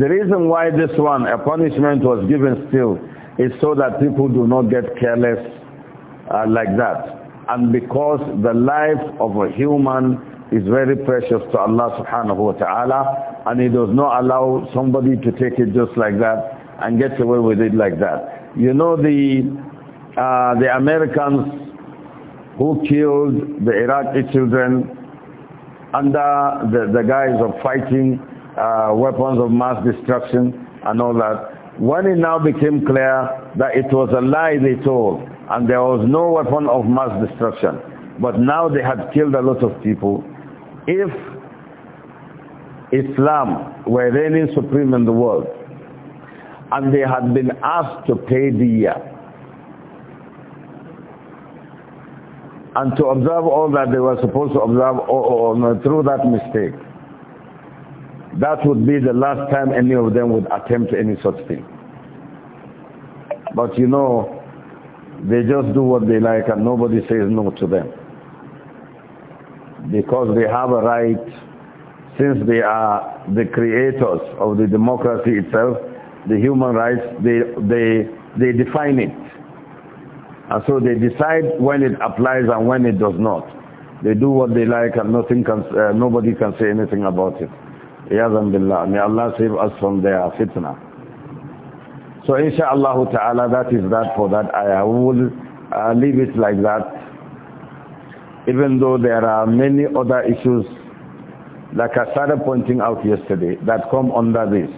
A: The reason why this one, a punishment was given still, is so that people do not get careless uh, like that and because the life of a human is very precious to Allah subhanahu wa ta'ala and he does not allow somebody to take it just like that and get away with it like that. You know the uh, the Americans who killed the Iraqi children under the, the guise of fighting uh, weapons of mass destruction and all that. When it now became clear that it was a lie they told, and there was no weapon of mass destruction. But now they had killed a lot of people. If Islam were reigning supreme in the world, and they had been asked to pay the year, and to observe all that they were supposed to observe through that mistake, that would be the last time any of them would attempt any such thing. But you know, they just do what they like and nobody says no to them. Because they have a right, since they are the creators of the democracy itself, the human rights, they, they, they define it. And so they decide when it applies and when it does not. They do what they like and nothing can, uh, nobody can say anything about it. May Allah save us from their fitna. So insha'Allah ta'ala that is that for that ayah. We will uh, leave it like that even though there are many other issues like I started pointing out yesterday that come under this.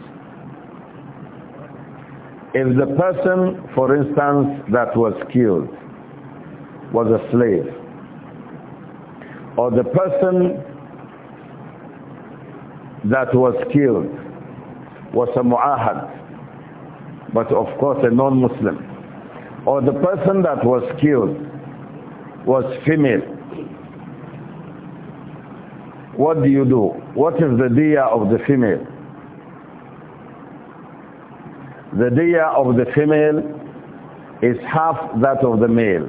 A: If the person, for instance, that was killed was a slave, or the person that was killed was a mu'ahad, but of course a non-Muslim. Or the person that was killed was female. What do you do? What is the diya of the female? The diya of the female is half that of the male.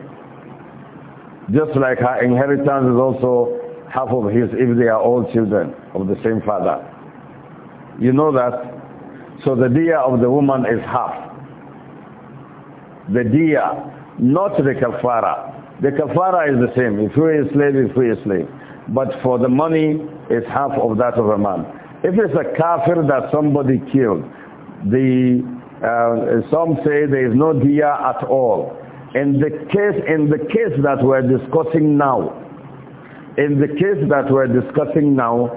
A: Just like her inheritance is also half of his if they are all children of the same father. You know that so the dia of the woman is half. The dia, not the kafara. The kafara is the same. If you are a slave, if you are a slave. But for the money, it's half of that of a man. If it's a kafir that somebody killed, the uh, some say there is no dia at all. In the case in the case that we're discussing now, in the case that we're discussing now,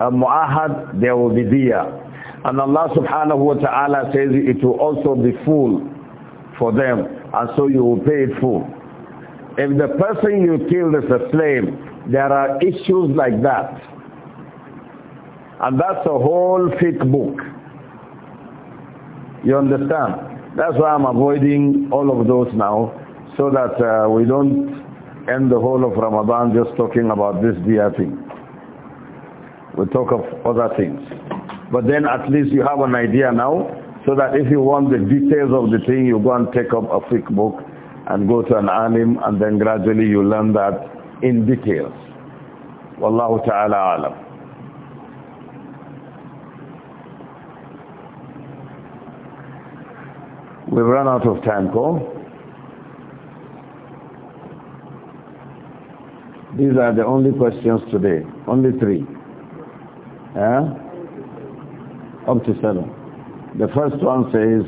A: a mu'ahad, there will be dia. And Allah subhanahu wa ta'ala says it will also be full for them, and so you will pay it full. If the person you killed is a slave, there are issues like that. And that's a whole thick book. You understand? That's why I'm avoiding all of those now, so that uh, we don't end the whole of Ramadan just talking about this dear thing. We talk of other things. But then at least you have an idea now so that if you want the details of the thing, you go and take up a thick book and go to an alim and then gradually you learn that in details. Wallahu ta'ala alam. We've run out of time, Cole. These are the only questions today. Only three. Yeah? up to seven. The first one says,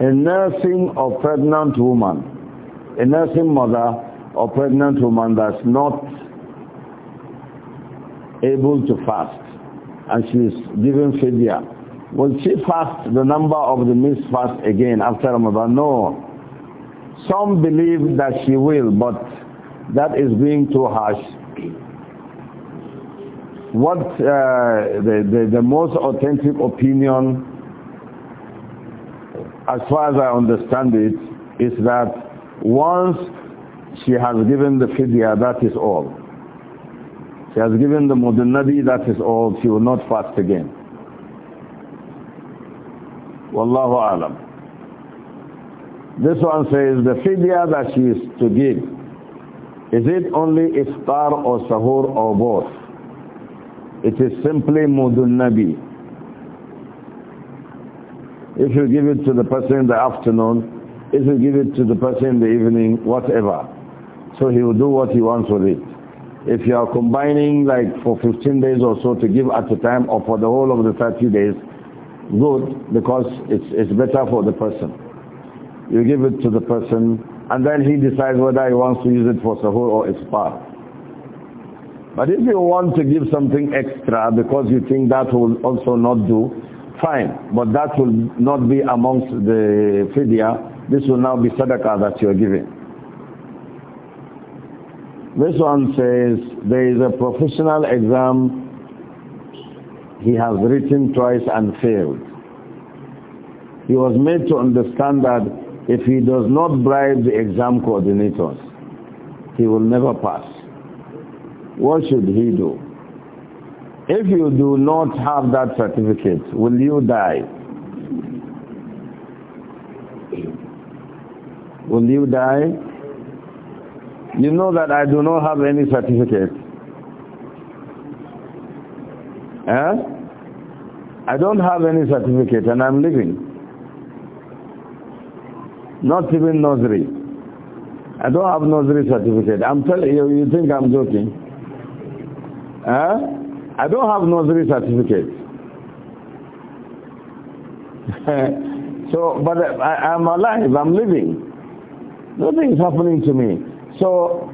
A: a nursing or pregnant woman, a nursing mother or pregnant woman that's not able to fast and she's given fidya. Will she fast the number of the missed fast again after Ramadan? No. Some believe that she will, but that is being too harsh what uh, the, the, the most authentic opinion, as far as I understand it, is that once she has given the fidya, that is all. She has given the mudunnadi, that is all. She will not fast again. Wallahu alam. This one says the fidya that she is to give, is it only iftar or sahur or both? It is simply Mudun Nabi. If you give it to the person in the afternoon, if you give it to the person in the evening, whatever. So he will do what he wants with it. If you are combining like for 15 days or so to give at a time or for the whole of the 30 days, good because it's, it's better for the person. You give it to the person and then he decides whether he wants to use it for sahur or iftar. But if you want to give something extra because you think that will also not do, fine. But that will not be amongst the fidya. This will now be sadaqah that you are giving. This one says, there is a professional exam he has written twice and failed. He was made to understand that if he does not bribe the exam coordinators, he will never pass what should he do? If you do not have that certificate, will you die? Will you die? You know that I do not have any certificate. Eh? I don't have any certificate and I'm living. Not even nursery. I don't have nursery certificate. I'm telling you, you think I'm joking? Huh? I don't have nursery certificate. <laughs> so, but I, I'm alive, I'm living. Nothing is happening to me. So,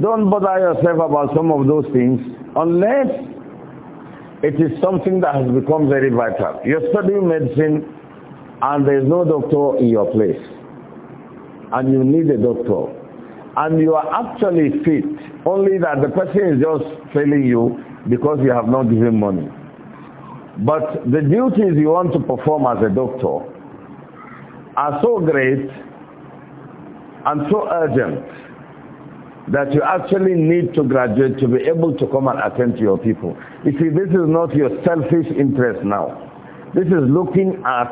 A: don't bother yourself about some of those things unless it is something that has become very vital. You're studying medicine and there is no doctor in your place. And you need a doctor and you are actually fit, only that the person is just failing you because you have not given money. But the duties you want to perform as a doctor are so great and so urgent that you actually need to graduate to be able to come and attend to your people. You see, this is not your selfish interest now. This is looking at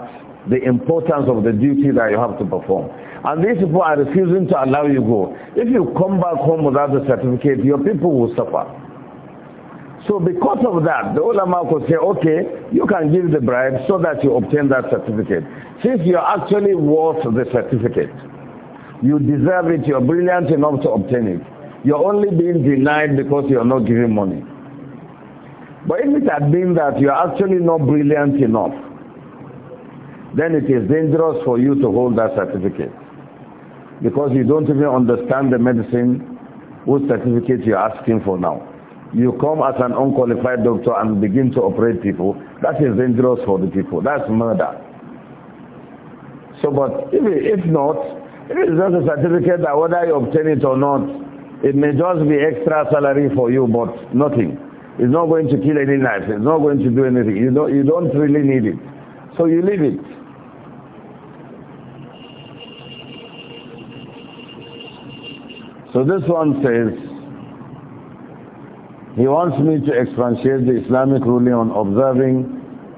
A: the importance of the duty that you have to perform. And these people are refusing to allow you go. If you come back home without the certificate, your people will suffer. So because of that, the ulama could say, okay, you can give the bribe so that you obtain that certificate. Since you're actually worth the certificate, you deserve it, you're brilliant enough to obtain it. You're only being denied because you're not giving money. But if it had been that you're actually not brilliant enough, then it is dangerous for you to hold that certificate because you don't even understand the medicine whose certificate you're asking for now. You come as an unqualified doctor and begin to operate people. That is dangerous for the people. That's murder. So, but if, if not, if it's just a certificate that whether you obtain it or not, it may just be extra salary for you, but nothing. It's not going to kill any life. It's not going to do anything. You don't, you don't really need it. So you leave it. So this one says, he wants me to expatiate the Islamic ruling on observing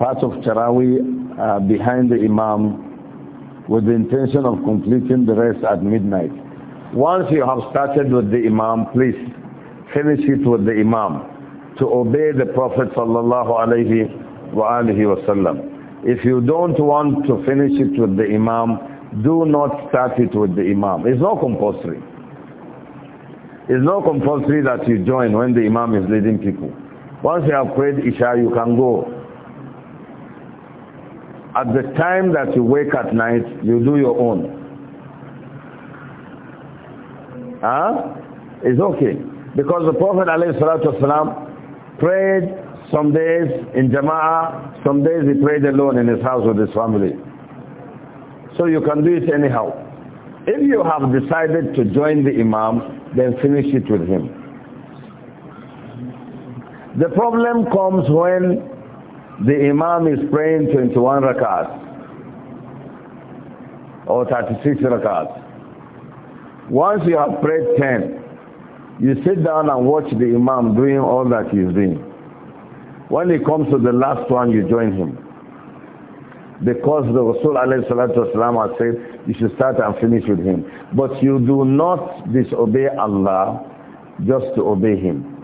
A: part of charawi uh, behind the Imam with the intention of completing the rest at midnight. Once you have started with the Imam, please finish it with the Imam to obey the Prophet sallallahu If you don't want to finish it with the Imam, do not start it with the Imam. It's not compulsory. It's not compulsory that you join when the imam is leading people. Once you have prayed Isha, you can go. At the time that you wake at night, you do your own. Huh? It's okay. Because the Prophet ﷺ prayed some days in Jama'ah, some days he prayed alone in his house with his family. So you can do it anyhow. If you have decided to join the Imam, then finish it with him. The problem comes when the Imam is praying 21 rakats or 36 rakats. Once you have prayed 10, you sit down and watch the Imam doing all that he's doing. When he comes to the last one, you join him. Because the Rasul alayhi salatu wasalam has said, you should start and finish with him. But you do not disobey Allah just to obey him.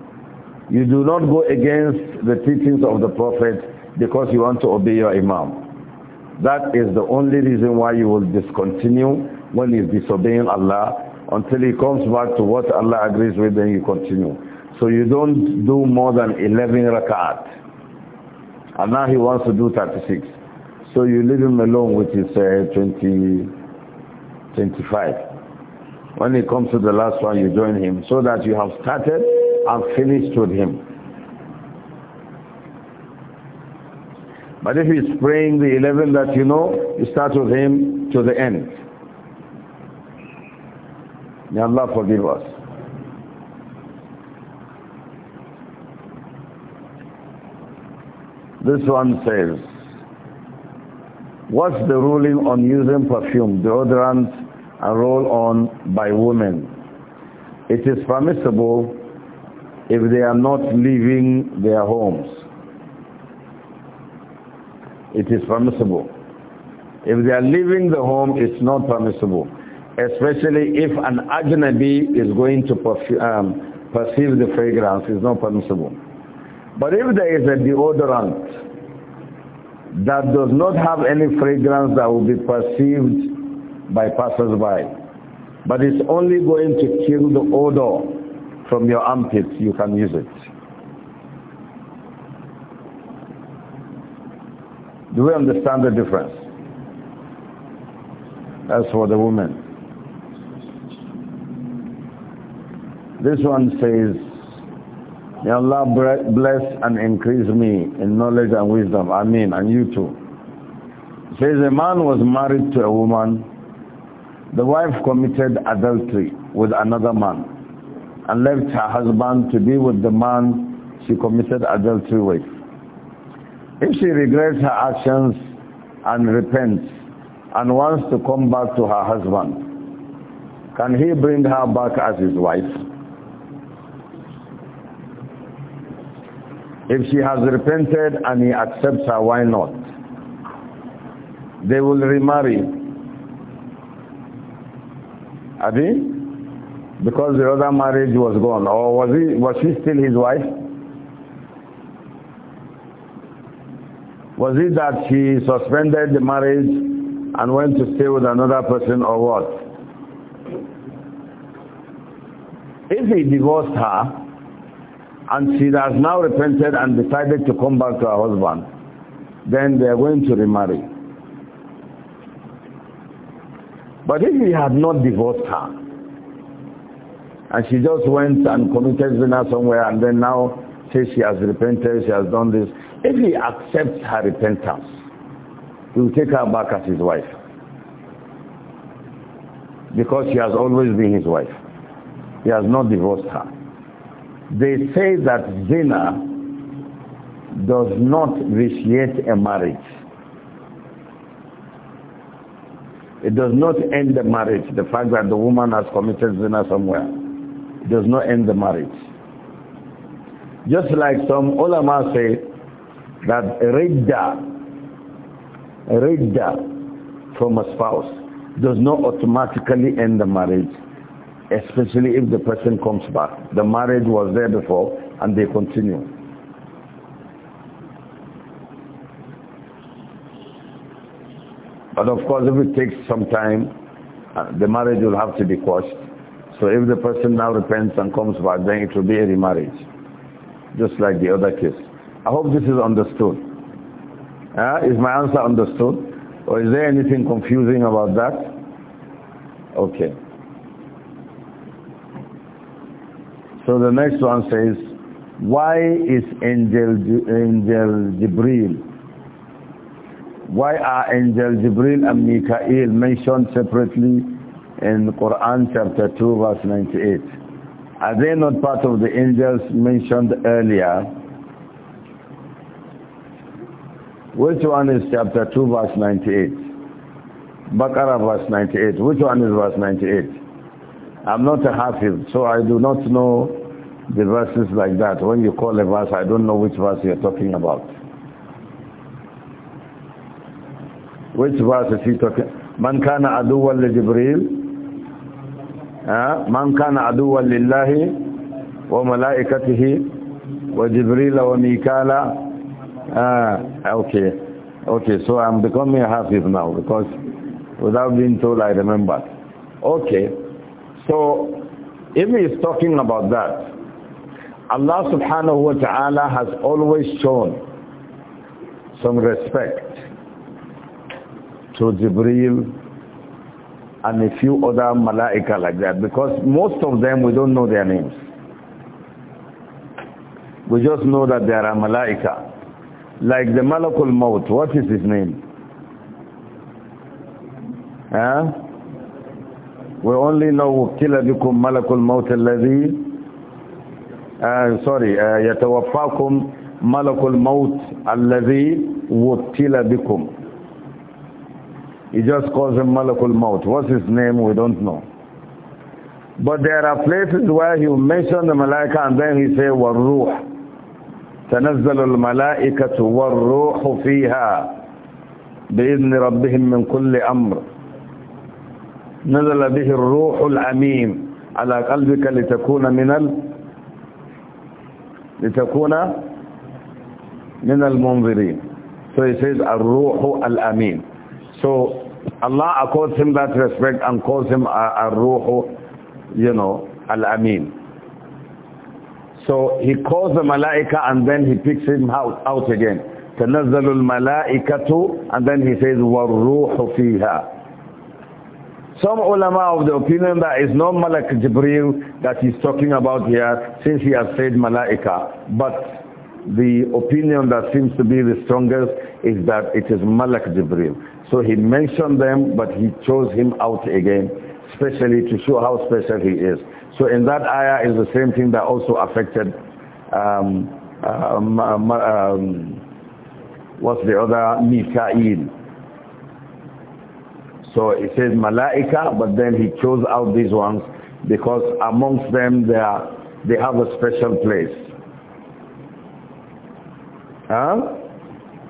A: You do not go against the teachings of the Prophet because you want to obey your Imam. That is the only reason why you will discontinue when he's disobeying Allah until he comes back to what Allah agrees with then you continue. So you don't do more than 11 rakat. And now he wants to do 36. So you leave him alone with his uh, 20. 25. When it comes to the last one, you join him so that you have started and finished with him. But if he's praying the 11 that you know, you start with him to the end. May Allah forgive us. This one says, What's the ruling on using perfume, deodorants, a roll on by women. It is permissible if they are not leaving their homes. It is permissible. If they are leaving the home, it's not permissible. Especially if an ajnabi is going to um, perceive the fragrance, it's not permissible. But if there is a deodorant that does not have any fragrance that will be perceived by passers-by. But it's only going to kill the odor from your armpits. You can use it. Do we understand the difference? As for the woman. This one says, May Allah bless and increase me in knowledge and wisdom. Ameen. And you too. It says a man was married to a woman the wife committed adultery with another man and left her husband to be with the man she committed adultery with. If she regrets her actions and repents and wants to come back to her husband, can he bring her back as his wife? If she has repented and he accepts her, why not? They will remarry Abi? Because the other marriage was gone. Or was he was she still his wife? Was it that she suspended the marriage and went to stay with another person or what? If he divorced her, and she has now repented and decided to come back to her husband, then they are going to remarry. But if he had not divorced her, and she just went and committed zina somewhere and then now says she has repented, she has done this, if he accepts her repentance, he will take her back as his wife. Because she has always been his wife. He has not divorced her. They say that zina does not vitiate a marriage. It does not end the marriage, the fact that the woman has committed zina somewhere. It does not end the marriage. Just like some ulama say that ridda, ridda from a spouse does not automatically end the marriage, especially if the person comes back. The marriage was there before and they continue. But of course, if it takes some time, uh, the marriage will have to be quashed. So if the person now repents and comes back, then it will be a remarriage, just like the other case. I hope this is understood. Uh, is my answer understood? Or is there anything confusing about that? Okay. So the next one says, why is Angel, Angel Jibril why are angels Jibril and Mikael mentioned separately in Quran chapter 2 verse 98? Are they not part of the angels mentioned earlier? Which one is chapter 2 verse 98? Baqarah verse 98. Which one is verse 98? I'm not a hafiz, so I do not know the verses like that. When you call a verse, I don't know which verse you're talking about. Which verse is he talking? Man kana aduwwan li Jibril. Man kana aduwwan lillahi wa malaikatihi wa Jibril wa Mikala. Okay. Okay, so I'm becoming a of now because without being told I remember. Okay. So if he is talking about that, Allah subhanahu wa ta'ala has always shown some respect to Jibril and a few other malaika like that because most of them we don't know their names. We just know that there are malaika. Like the Malakul Maut, what is his name? Huh? We only know وَكِلَ Malakul Maut الْمَوْتِ الَّذِي uh, sorry uh, Yatawafakum Malakul Maut الموت الذي وكل بكم He just calls him Malakul Maut. What's his name? We don't know. But there are places where he will mention the Malaika and then he say, وَالْرُوحِ تَنَزَّلُ الْمَلَائِكَةُ وَالْرُوحُ فِيهَا بإذن ربهم من كل أمر نزل به الروح العميم على قلبك لتكون من ال... لتكون من المنظرين so he says الروح الأمين So Allah accords him that respect and calls him Ar-Ruhu, you know, Al-Amin. So he calls the Malaika and then he picks him out, out again. تنزل الملائكة and then he says والروح فيها some ulama of the opinion that it's not Malak Jibril that he's talking about here since he has said Malaika but the opinion that seems to be the strongest is that it is Malak Jibril. So he mentioned them, but he chose him out again, especially to show how special he is. So in that ayah is the same thing that also affected, um, um, um, um, what's the other, Mika'il. So it says Malaika, but then he chose out these ones because amongst them they, are, they have a special place. Huh?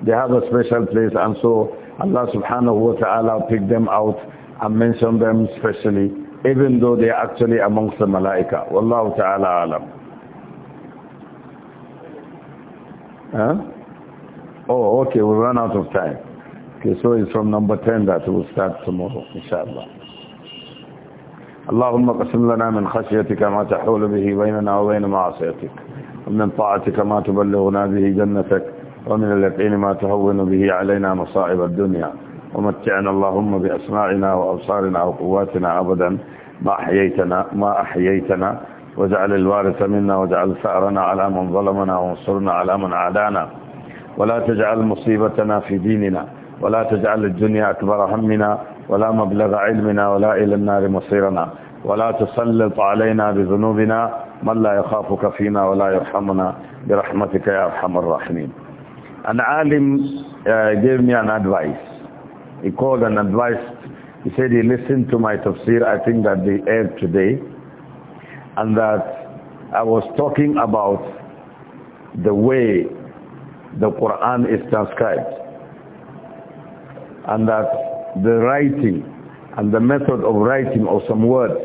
A: They have a special place and so Allah subhanahu wa ta'ala picked them out and mentioned them specially even though they are actually amongst the malaika. Wallahu ta'ala alam. Huh? Oh, okay, we run out of time. Okay, so it's from number 10 that we'll start tomorrow, inshallah. اللهم قسم لنا من خشيتك ما تحول به بيننا وبين معصيتك ومن طاعتك ما تبلغنا به جنتك ومن اليقين ما تهون به علينا مصائب الدنيا ومتعنا اللهم بأسماعنا وأبصارنا وقواتنا أبدا ما أحييتنا, ما أحييتنا واجعل الوارث منا واجعل ثأرنا على من ظلمنا وانصرنا على من عادانا ولا تجعل مصيبتنا في ديننا ولا تجعل الدنيا أكبر همنا ولا مبلغ علمنا ولا إلى النار مصيرنا ولا تسلط علينا بذنوبنا من لا يخافك فينا ولا يرحمنا برحمتك يا أرحم الراحمين An alim uh, gave me an advice. He called and advised. He said he listened to my tafsir, I think that they aired today, and that I was talking about the way the Quran is transcribed, and that the writing and the method of writing of some words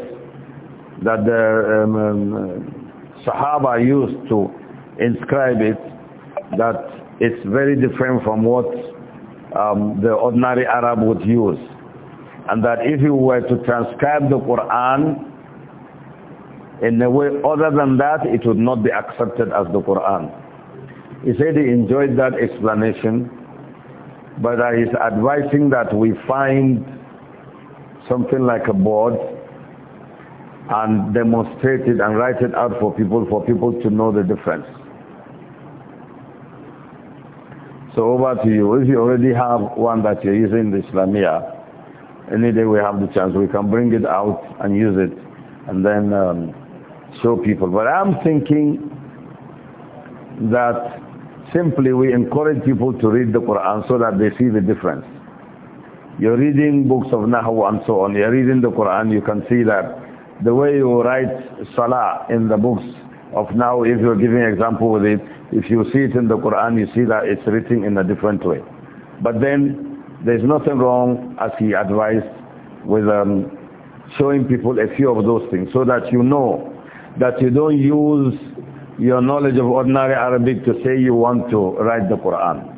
A: that the um, um, Sahaba used to inscribe it, that it's very different from what um, the ordinary Arab would use. And that if you were to transcribe the Quran in a way other than that, it would not be accepted as the Quran. He said he enjoyed that explanation, but he's advising that we find something like a board and demonstrate it and write it out for people, for people to know the difference. So over to you. If you already have one that you're using the Islamia, any day we have the chance, we can bring it out and use it and then um, show people. But I'm thinking that simply we encourage people to read the Quran so that they see the difference. You're reading books of Nahu and so on. You're reading the Quran, you can see that the way you write Salah in the books of now, if you're giving example with it, if you see it in the Quran, you see that it's written in a different way. But then there's nothing wrong, as he advised, with um, showing people a few of those things so that you know that you don't use your knowledge of ordinary Arabic to say you want to write the Quran.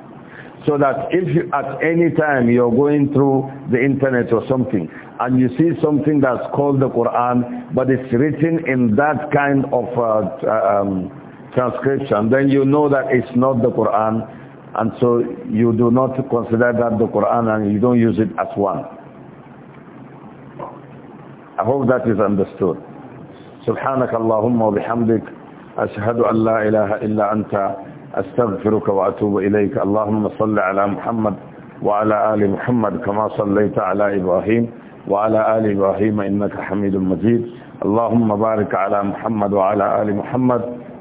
A: So that if you, at any time you're going through the internet or something and you see something that's called the Quran but it's written in that kind of uh, um, transcription, then you know that it's not the Quran, and so you do not consider that the Quran and you don't use it as one. I hope that is understood. سبحانك اللهم وبحمدك أشهد أن لا إله إلا أنت أستغفرك وأتوب إليك اللهم صل على محمد وعلى آل محمد كما صليت على إبراهيم وعلى آل إبراهيم إنك حميد مجيد اللهم بارك على محمد وعلى آل محمد